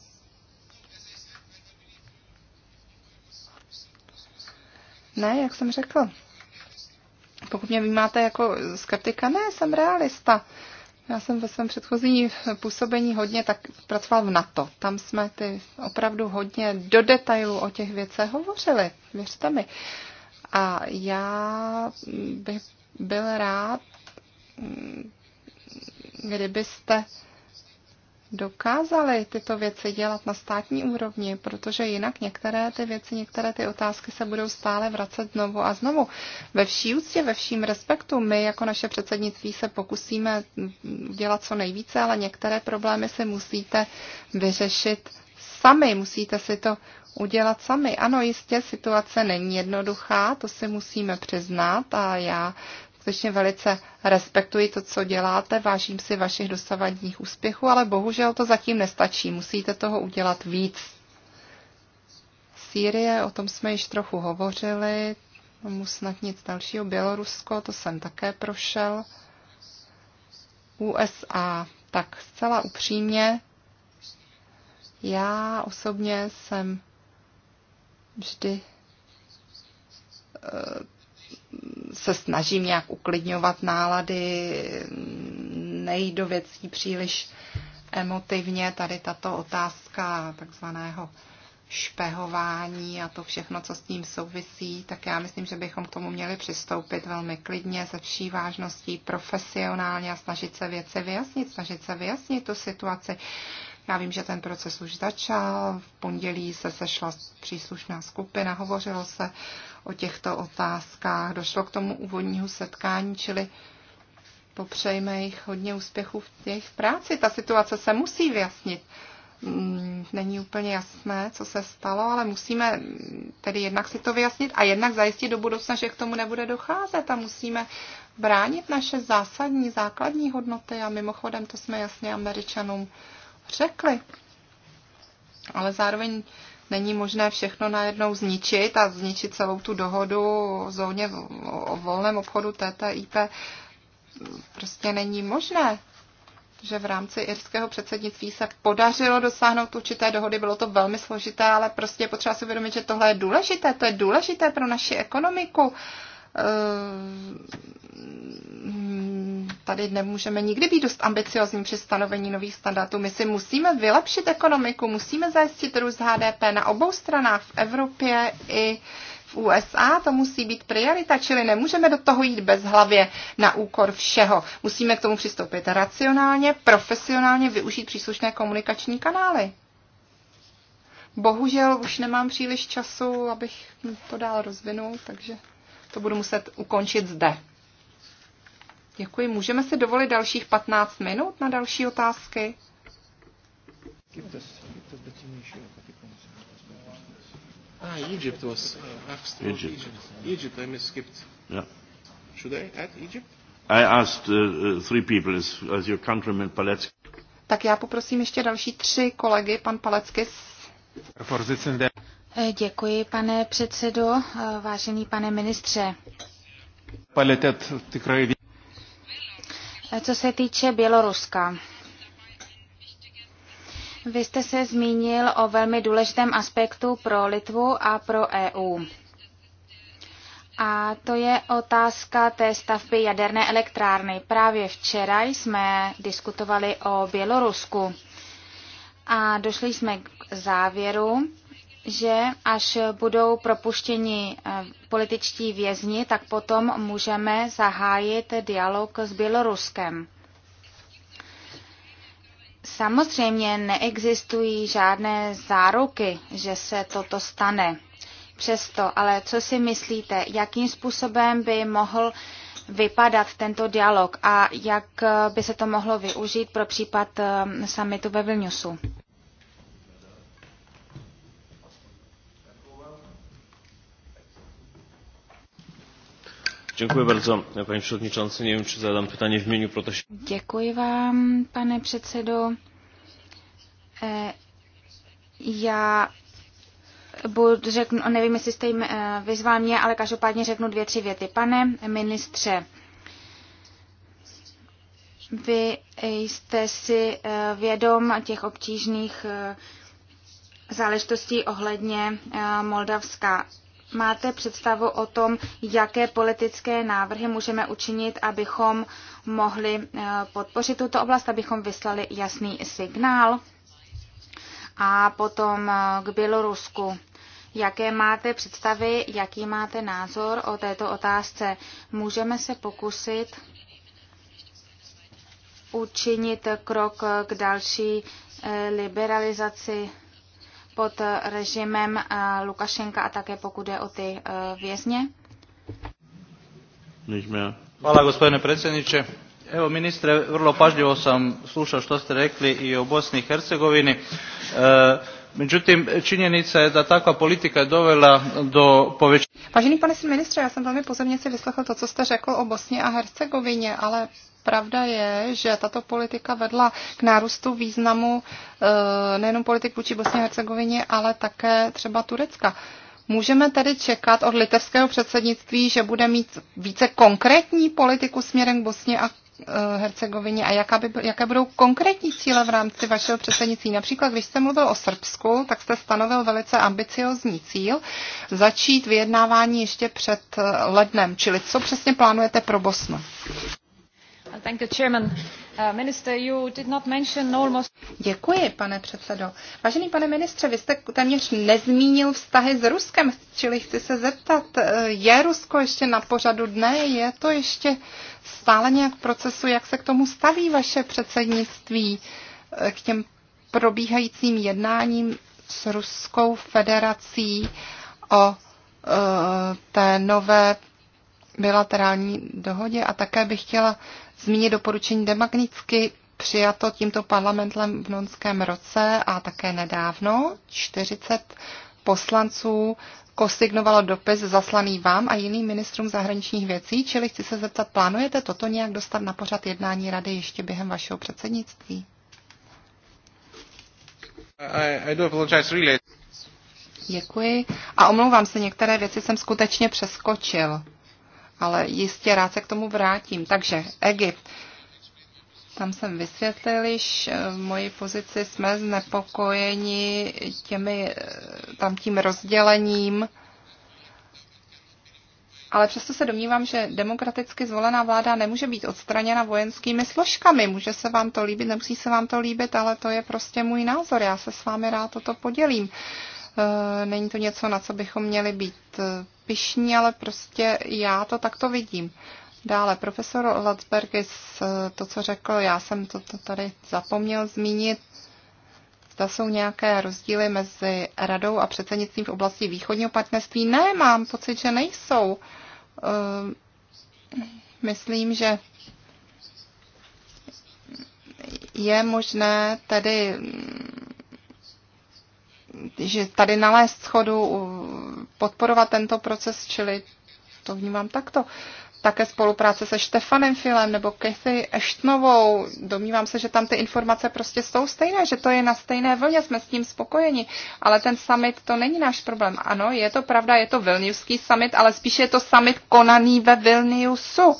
A: Ne, jak jsem řekl. Pokud mě vnímáte jako skeptika, ne, jsem realista. Já jsem ve svém předchozí působení hodně tak pracoval v NATO. Tam jsme ty opravdu hodně do detailu o těch věcech hovořili, věřte mi. A já bych byl rád, kdybyste dokázali tyto věci dělat na státní úrovni, protože jinak některé ty věci, některé ty otázky se budou stále vracet znovu a znovu. Ve vší úctě, ve vším respektu, my jako naše předsednictví se pokusíme dělat co nejvíce, ale některé problémy si musíte vyřešit sami, musíte si to udělat sami. Ano, jistě, situace není jednoduchá, to si musíme přiznat a já skutečně velice respektuji to, co děláte, vážím si vašich dosavadních úspěchů, ale bohužel to zatím nestačí. Musíte toho udělat víc. Sýrie, o tom jsme již trochu hovořili, mu snad nic dalšího. Bělorusko, to jsem také prošel. USA, tak zcela upřímně, já osobně jsem vždy eh, se snažím nějak uklidňovat nálady, nejdu věcí příliš emotivně. Tady tato otázka takzvaného špehování a to všechno, co s tím souvisí, tak já myslím, že bychom k tomu měli přistoupit velmi klidně, se vší vážností, profesionálně a snažit se věci vyjasnit, snažit se vyjasnit tu situaci. Já vím, že ten proces už začal. V pondělí se sešla příslušná skupina, hovořilo se o těchto otázkách, došlo k tomu úvodního setkání, čili popřejme jich hodně úspěchů v jejich práci. Ta situace se musí vyjasnit. Mm, není úplně jasné, co se stalo, ale musíme tedy jednak si to vyjasnit a jednak zajistit do budoucna, že k tomu nebude docházet a musíme bránit naše zásadní, základní hodnoty a mimochodem to jsme jasně američanům řekli. Ale zároveň není možné všechno najednou zničit a zničit celou tu dohodu o zóně o volném obchodu TTIP. Prostě není možné že v rámci irského předsednictví se podařilo dosáhnout určité dohody. Bylo to velmi složité, ale prostě je potřeba si uvědomit, že tohle je důležité. To je důležité pro naši ekonomiku. Ehm, tady nemůžeme nikdy být dost ambiciozní při stanovení nových standardů. My si musíme vylepšit ekonomiku, musíme zajistit růst HDP na obou stranách v Evropě i v USA to musí být priorita, čili nemůžeme do toho jít bez hlavě na úkor všeho. Musíme k tomu přistoupit racionálně, profesionálně, využít příslušné komunikační kanály. Bohužel už nemám příliš času, abych to dál rozvinul, takže to budu muset ukončit zde. Děkuji. Můžeme si dovolit dalších 15 minut na další otázky? Ah, Egypt was. asked uh, Egypt. Egypt. Egypt, I skipped. Yeah. Should I add Egypt? I asked uh, uh three people, as, as your countryman Paletsky. Tak já poprosím ještě další tři kolegy, pan Palecky. Eh, děkuji, pane
B: předsedo, eh, vážený pane ministře.
C: ty tikrai
B: co se týče Běloruska, vy jste se zmínil o velmi důležitém aspektu pro Litvu a pro EU. A to je otázka té stavby jaderné elektrárny. Právě včera jsme diskutovali o Bělorusku a došli jsme k závěru, že až budou propuštěni eh, političtí vězni, tak potom můžeme zahájit dialog s Běloruskem. Samozřejmě neexistují žádné záruky, že se toto stane. Přesto, ale co si myslíte, jakým způsobem by mohl vypadat tento dialog a jak eh, by se to mohlo využít pro případ eh, samitu ve Vilniusu? Děkuji bardzo, paní předsedající. Nevím, či zadám pytanie v jménu protože... Děkuji vám, pane předsedo. Eh, já budu řeknu, nevím, jestli jste jim eh, vyzval mě, ale každopádně řeknu dvě, tři věty. Pane ministře, vy jste si eh, vědom těch obtížných záležitostí ohledně Moldavska máte představu o tom, jaké politické návrhy můžeme učinit, abychom mohli eh, podpořit tuto oblast, abychom vyslali jasný signál? A potom eh, k Bělorusku. Jaké máte představy, jaký máte názor o této otázce? Můžeme se pokusit učinit krok k další eh, liberalizaci pod režimem eh, Lukašenka a také pokud je o ty eh, vězně?
A: Hvala gospodine predsjedniče. Evo ministre, vrlo pažljivo sam slušao što ste rekli i o Bosni i Hercegovini. E, Međutim, činjenica je da takva politika je dovela do povećanja... Vážený pane ministře, já jsem velmi pozorně si vyslechl to, co jste řekl o Bosně a Hercegovině, ale pravda je, že tato politika vedla k nárůstu významu eh, nejenom politik vůči Bosně a Hercegovině, ale také třeba Turecka. Můžeme tedy čekat od litevského předsednictví, že bude mít více konkrétní politiku směrem k Bosně a Eh, Hercegovině a jaká by, jaké budou konkrétní cíle v rámci vašeho předsednictví. Například, když jste mluvil o Srbsku, tak jste stanovil velice ambiciozní cíl začít vyjednávání ještě před eh, lednem. Čili co přesně plánujete pro Bosnu? Uh, Děkuji, pane předsedo. Vážený pane ministře, vy jste téměř nezmínil vztahy s Ruskem, čili chci se zeptat, eh, je Rusko ještě na pořadu dne? Je to ještě stále nějak v procesu? Jak se k tomu staví vaše předsednictví, eh, k těm probíhajícím jednáním s Ruskou federací o eh, té nové bilaterální dohodě a také bych chtěla zmínit doporučení demagnicky přijato tímto parlamentem v nonském roce a také nedávno. 40 poslanců kosignovalo dopis zaslaný vám a jiným ministrům zahraničních věcí, čili chci se zeptat, plánujete toto nějak dostat na pořad jednání rady ještě během vašeho předsednictví? I, I do really. Děkuji. A omlouvám se, některé věci jsem skutečně přeskočil ale jistě rád se k tomu vrátím. Takže Egypt. Tam jsem vysvětlil v eh, moji pozici, jsme znepokojeni těmi, eh, tam tím rozdělením, ale přesto se domnívám, že demokraticky zvolená vláda nemůže být odstraněna vojenskými složkami. Může se vám to líbit, nemusí se vám to líbit, ale to je prostě můj názor. Já se s vámi rád toto podělím. Eh, není to něco, na co bychom měli být eh, pišní, ale prostě já to takto vidím. Dále profesor Latsbergis, eh, to, co řekl, já jsem to, to tady zapomněl zmínit, Zda jsou nějaké rozdíly mezi radou a předsednictvím v oblasti východního partnerství? Ne, mám pocit, že nejsou. Myslím, že je možné tedy mm, že tady nalézt schodu, podporovat tento proces, čili to vnímám takto. Také spolupráce se Štefanem Filem nebo Kathy Eštnovou. Domnívám se, že tam ty informace prostě jsou stejné, že to je na stejné vlně, jsme s tím spokojeni. Ale ten summit to není náš problém. Ano, je to pravda, je to Vilniuský summit, ale spíše je to summit konaný ve Vilniusu.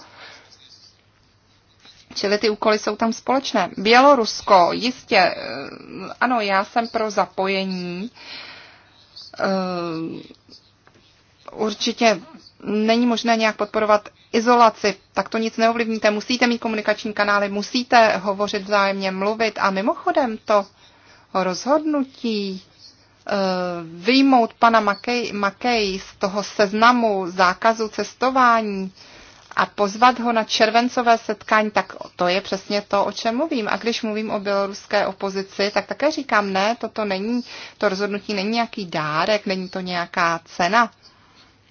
A: Čili ty úkoly jsou tam společné. Bělorusko, jistě, eh, ano, já jsem pro zapojení. Eh, určitě není možné nějak podporovat izolaci, tak to nic neovlivníte. Musíte mít komunikační kanály, musíte hovořit vzájemně, mluvit a mimochodem to rozhodnutí eh, vyjmout pana Makej, Makej z toho seznamu zákazu cestování, a pozvat ho na červencové setkání, tak to je přesně to, o čem mluvím. A když mluvím o běloruské opozici, tak také říkám, ne, toto není, to rozhodnutí není nějaký dárek, není to nějaká cena,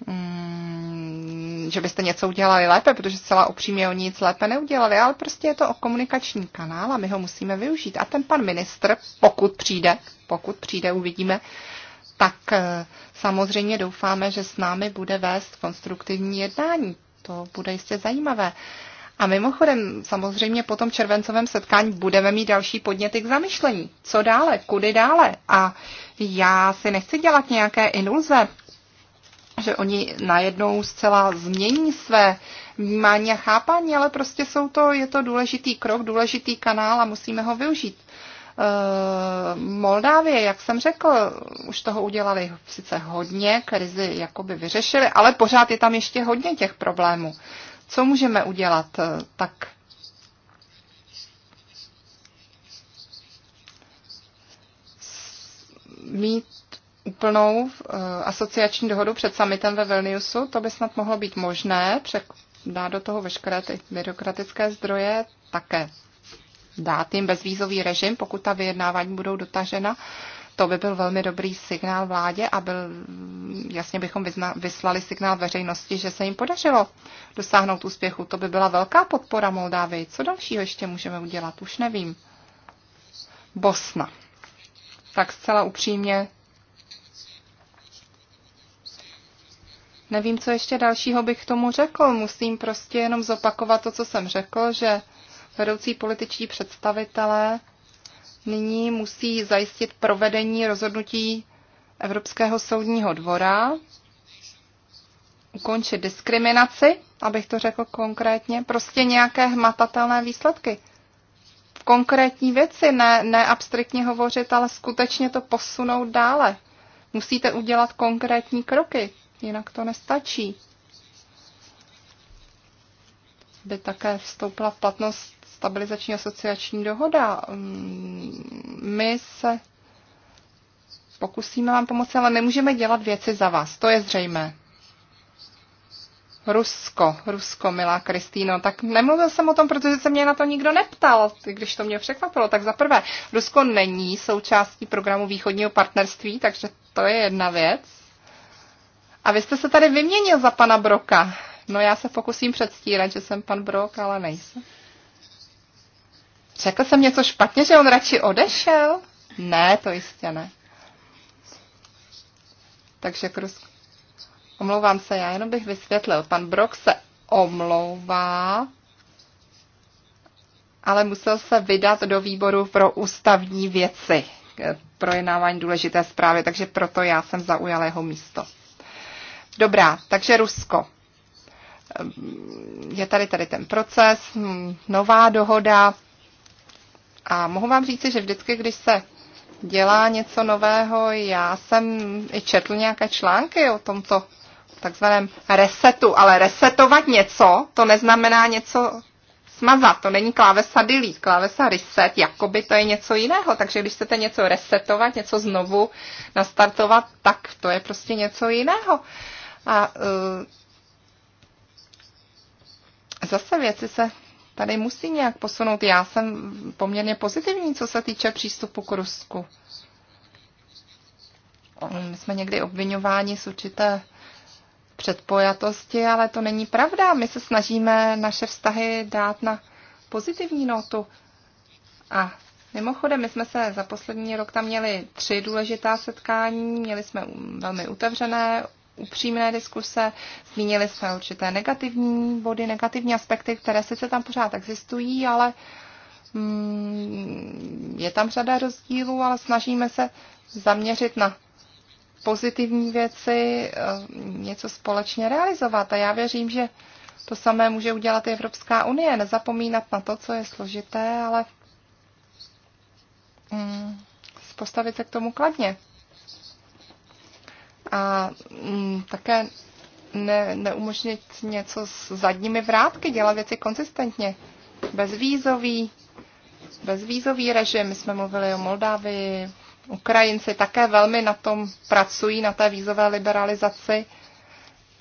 A: mm, že byste něco udělali lépe, protože celá upřímně o nic lépe neudělali, ale prostě je to o komunikační kanál a my ho musíme využít. A ten pan ministr, pokud přijde, pokud přijde, uvidíme, tak eh, samozřejmě doufáme, že s námi bude vést konstruktivní jednání to bude jistě zajímavé. A mimochodem, samozřejmě po tom červencovém setkání budeme mít další podněty k zamyšlení. Co dále, kudy dále. A já si nechci dělat nějaké iluze, že oni najednou zcela změní své vnímání a chápání, ale prostě jsou to, je to důležitý krok, důležitý kanál a musíme ho využít. Eh, Moldávie, jak jsem řekl, už toho udělali sice hodně, krizi jakoby vyřešili, ale pořád je tam ještě hodně těch problémů. Co můžeme udělat? Eh, tak mít úplnou eh, asociační dohodu před summitem ve Vilniusu, to by snad mohlo být možné, dát do toho veškeré ty byrokratické zdroje také dát jim bezvízový režim, pokud ta vyjednávání budou dotažena. To by byl velmi dobrý signál vládě a byl, jasně bychom vyzna, vyslali signál veřejnosti, že se jim podařilo dosáhnout úspěchu. To by byla velká podpora Moldávii. Co dalšího ještě můžeme udělat? Už nevím. Bosna. Tak zcela upřímně, Nevím, co ještě dalšího bych k tomu řekl. Musím prostě jenom zopakovat to, co jsem řekl, že vedoucí političtí představitelé nyní musí zajistit provedení rozhodnutí Evropského soudního dvora, ukončit diskriminaci, abych to řekl konkrétně, prostě nějaké hmatatelné výsledky. V konkrétní věci, ne, ne abstriktně hovořit, ale skutečně to posunout dále. Musíte udělat konkrétní kroky, jinak to nestačí. By také vstoupila v platnost stabilizační asociační dohoda. Mm, my se pokusíme vám pomoci, ale nemůžeme dělat věci za vás. To je zřejmé. Rusko, Rusko, milá Kristýno, tak nemluvil jsem o tom, protože se mě na to nikdo neptal, když to mě překvapilo. Tak za prvé, Rusko není součástí programu východního partnerství, takže to je jedna věc. A vy jste se tady vyměnil za pana Broka. No já se pokusím předstírat, že jsem pan Brok, ale nejsem. Řekl jsem něco špatně, že on radši odešel? Ne, to jistě ne. Takže Krus... Omlouvám se, já jenom bych vysvětlil. Pan Brok se omlouvá, ale musel se vydat do výboru pro ústavní věci projednávání důležité zprávy, takže proto já jsem zaujal jeho místo. Dobrá, takže Rusko. Ehm, je tady tady ten proces, hm, nová dohoda, a mohu vám říci, že vždycky, když se dělá něco nového, já jsem i četl nějaké články o tomto takzvaném resetu, ale resetovat něco, to neznamená něco smazat, to není klávesa delete, klávesa reset, jakoby to je něco jiného, takže když chcete něco resetovat, něco znovu nastartovat, tak to je prostě něco jiného. A uh, zase věci se tady musí nějak posunout. Já jsem poměrně pozitivní, co se týče přístupu k Rusku. My jsme někdy obvinováni z určité předpojatosti, ale to není pravda. My se snažíme naše vztahy dát na pozitivní notu. A mimochodem, my jsme se za poslední rok tam měli tři důležitá setkání, měli jsme velmi otevřené, upřímné diskuse. Zmínili jsme určité negativní body, negativní aspekty, které sice tam pořád existují, ale mm, je tam řada rozdílů, ale snažíme se zaměřit na pozitivní věci, eh, něco společně realizovat. A já věřím, že to samé může udělat i Evropská unie. Nezapomínat na to, co je složité, ale mm, postavit se k tomu kladně a mm, také ne, neumožnit něco s zadními vrátky, dělat věci konsistentně. Bezvízový, bezvízový režim, my jsme mluvili o Moldávii, Ukrajinci také velmi na tom pracují, na té vízové liberalizaci.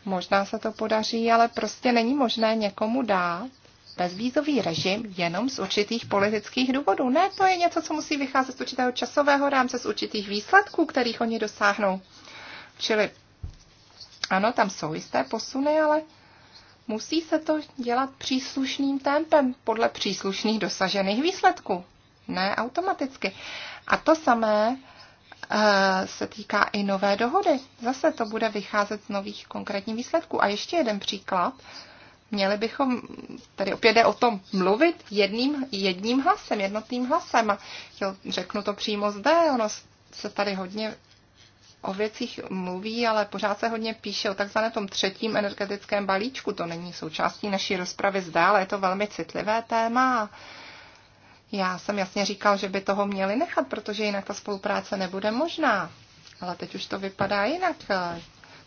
A: Možná se to podaří, ale prostě není možné někomu dát bezvízový režim jenom z určitých politických důvodů. Ne, to je něco, co musí vycházet z určitého časového rámce, z určitých výsledků, kterých oni dosáhnou. Čili ano, tam jsou jisté posuny, ale musí se to dělat příslušným tempem podle příslušných dosažených výsledků, ne automaticky. A to samé eh, se týká i nové dohody. Zase to bude vycházet z nových konkrétních výsledků. A ještě jeden příklad. Měli bychom, tady opět jde o tom mluvit jedním jedním hlasem, jednotným hlasem. A chtěl, řeknu to přímo zde, ono se tady hodně o věcích mluví, ale pořád se hodně píše o takzvané tom třetím energetickém balíčku. To není součástí naší rozpravy zde, ale je to velmi citlivé téma. Já jsem jasně říkal, že by toho měli nechat, protože jinak ta spolupráce nebude možná. Ale teď už to vypadá jinak.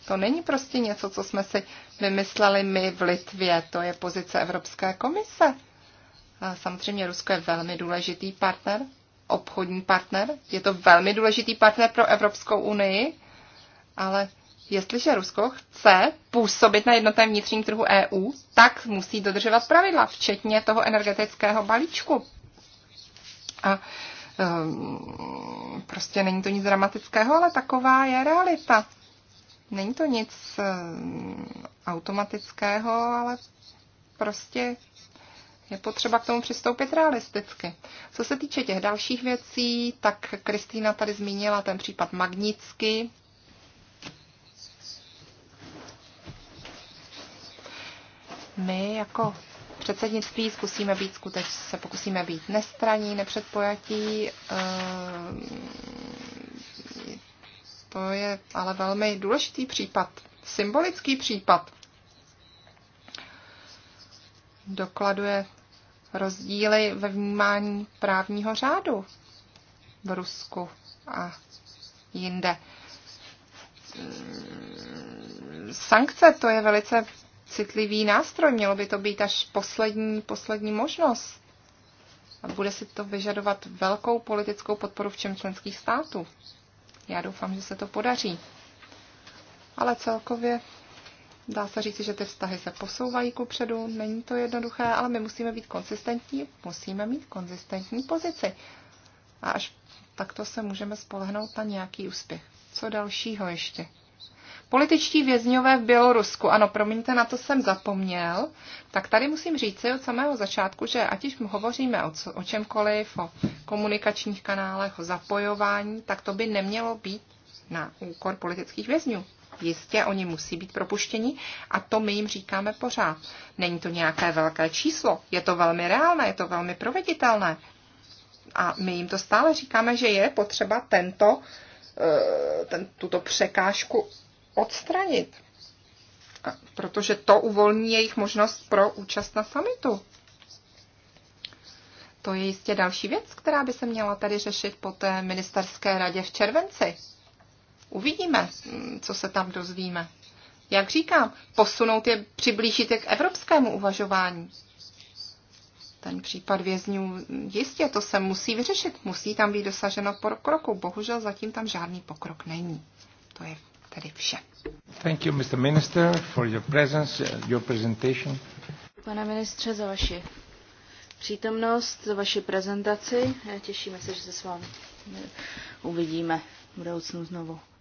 A: To není prostě něco, co jsme si vymysleli my v Litvě, to je pozice Evropské komise. A samozřejmě Rusko je velmi důležitý partner obchodní partner, je to velmi důležitý partner pro Evropskou unii, ale jestliže Rusko chce působit na jednotném vnitřním trhu EU, tak musí dodržovat pravidla, včetně toho energetického balíčku. A um, prostě není to nic dramatického, ale taková je realita. Není to nic um, automatického, ale prostě je potřeba k tomu přistoupit realisticky. Co se týče těch dalších věcí, tak Kristýna tady zmínila ten případ Magnicky. My jako předsednictví zkusíme být, skuteč, se pokusíme být nestraní, nepředpojatí. Ehm, to je ale velmi důležitý případ, symbolický případ dokladuje rozdíly ve vnímání právního řádu v Rusku a jinde. Sankce to je velice citlivý nástroj, mělo by to být až poslední, poslední možnost. A bude si to vyžadovat velkou politickou podporu v čem členských států. Já doufám, že se to podaří. Ale celkově Dá se říci, že ty vztahy se posouvají ku předu, není to jednoduché, ale my musíme být konzistentní, musíme mít konzistentní pozici. A až takto se můžeme spolehnout na nějaký úspěch. Co dalšího ještě? Političtí vězňové v Bělorusku. Ano, promiňte, na to jsem zapomněl. Tak tady musím říct od samého začátku, že ať už hovoříme o, co, o čemkoliv, o komunikačních kanálech, o zapojování, tak to by nemělo být na úkor politických vězňů. Jistě, oni musí být propuštěni a to my jim říkáme pořád. Není to nějaké velké číslo, je to velmi reálné, je to velmi proveditelné. A my jim to stále říkáme, že je potřeba tento, eh, ten, tuto překážku odstranit. Protože to uvolní jejich možnost pro účast na samitu. To je jistě další věc, která by se měla tady řešit po té ministerské radě v červenci. Uvidíme, co se tam dozvíme. Jak říkám, posunout je, přiblížit je k evropskému uvažování. Ten případ vězňů, jistě, to se musí vyřešit. Musí tam být dosaženo pokroku. Bohužel zatím tam žádný pokrok není. To je tedy vše.
C: Thank you, Mr. Minister, for your presence, your presentation.
A: Pane ministře, za vaši
C: přítomnost, za vaši prezentaci. Těšíme se, že se s vámi uvidíme v budoucnu znovu.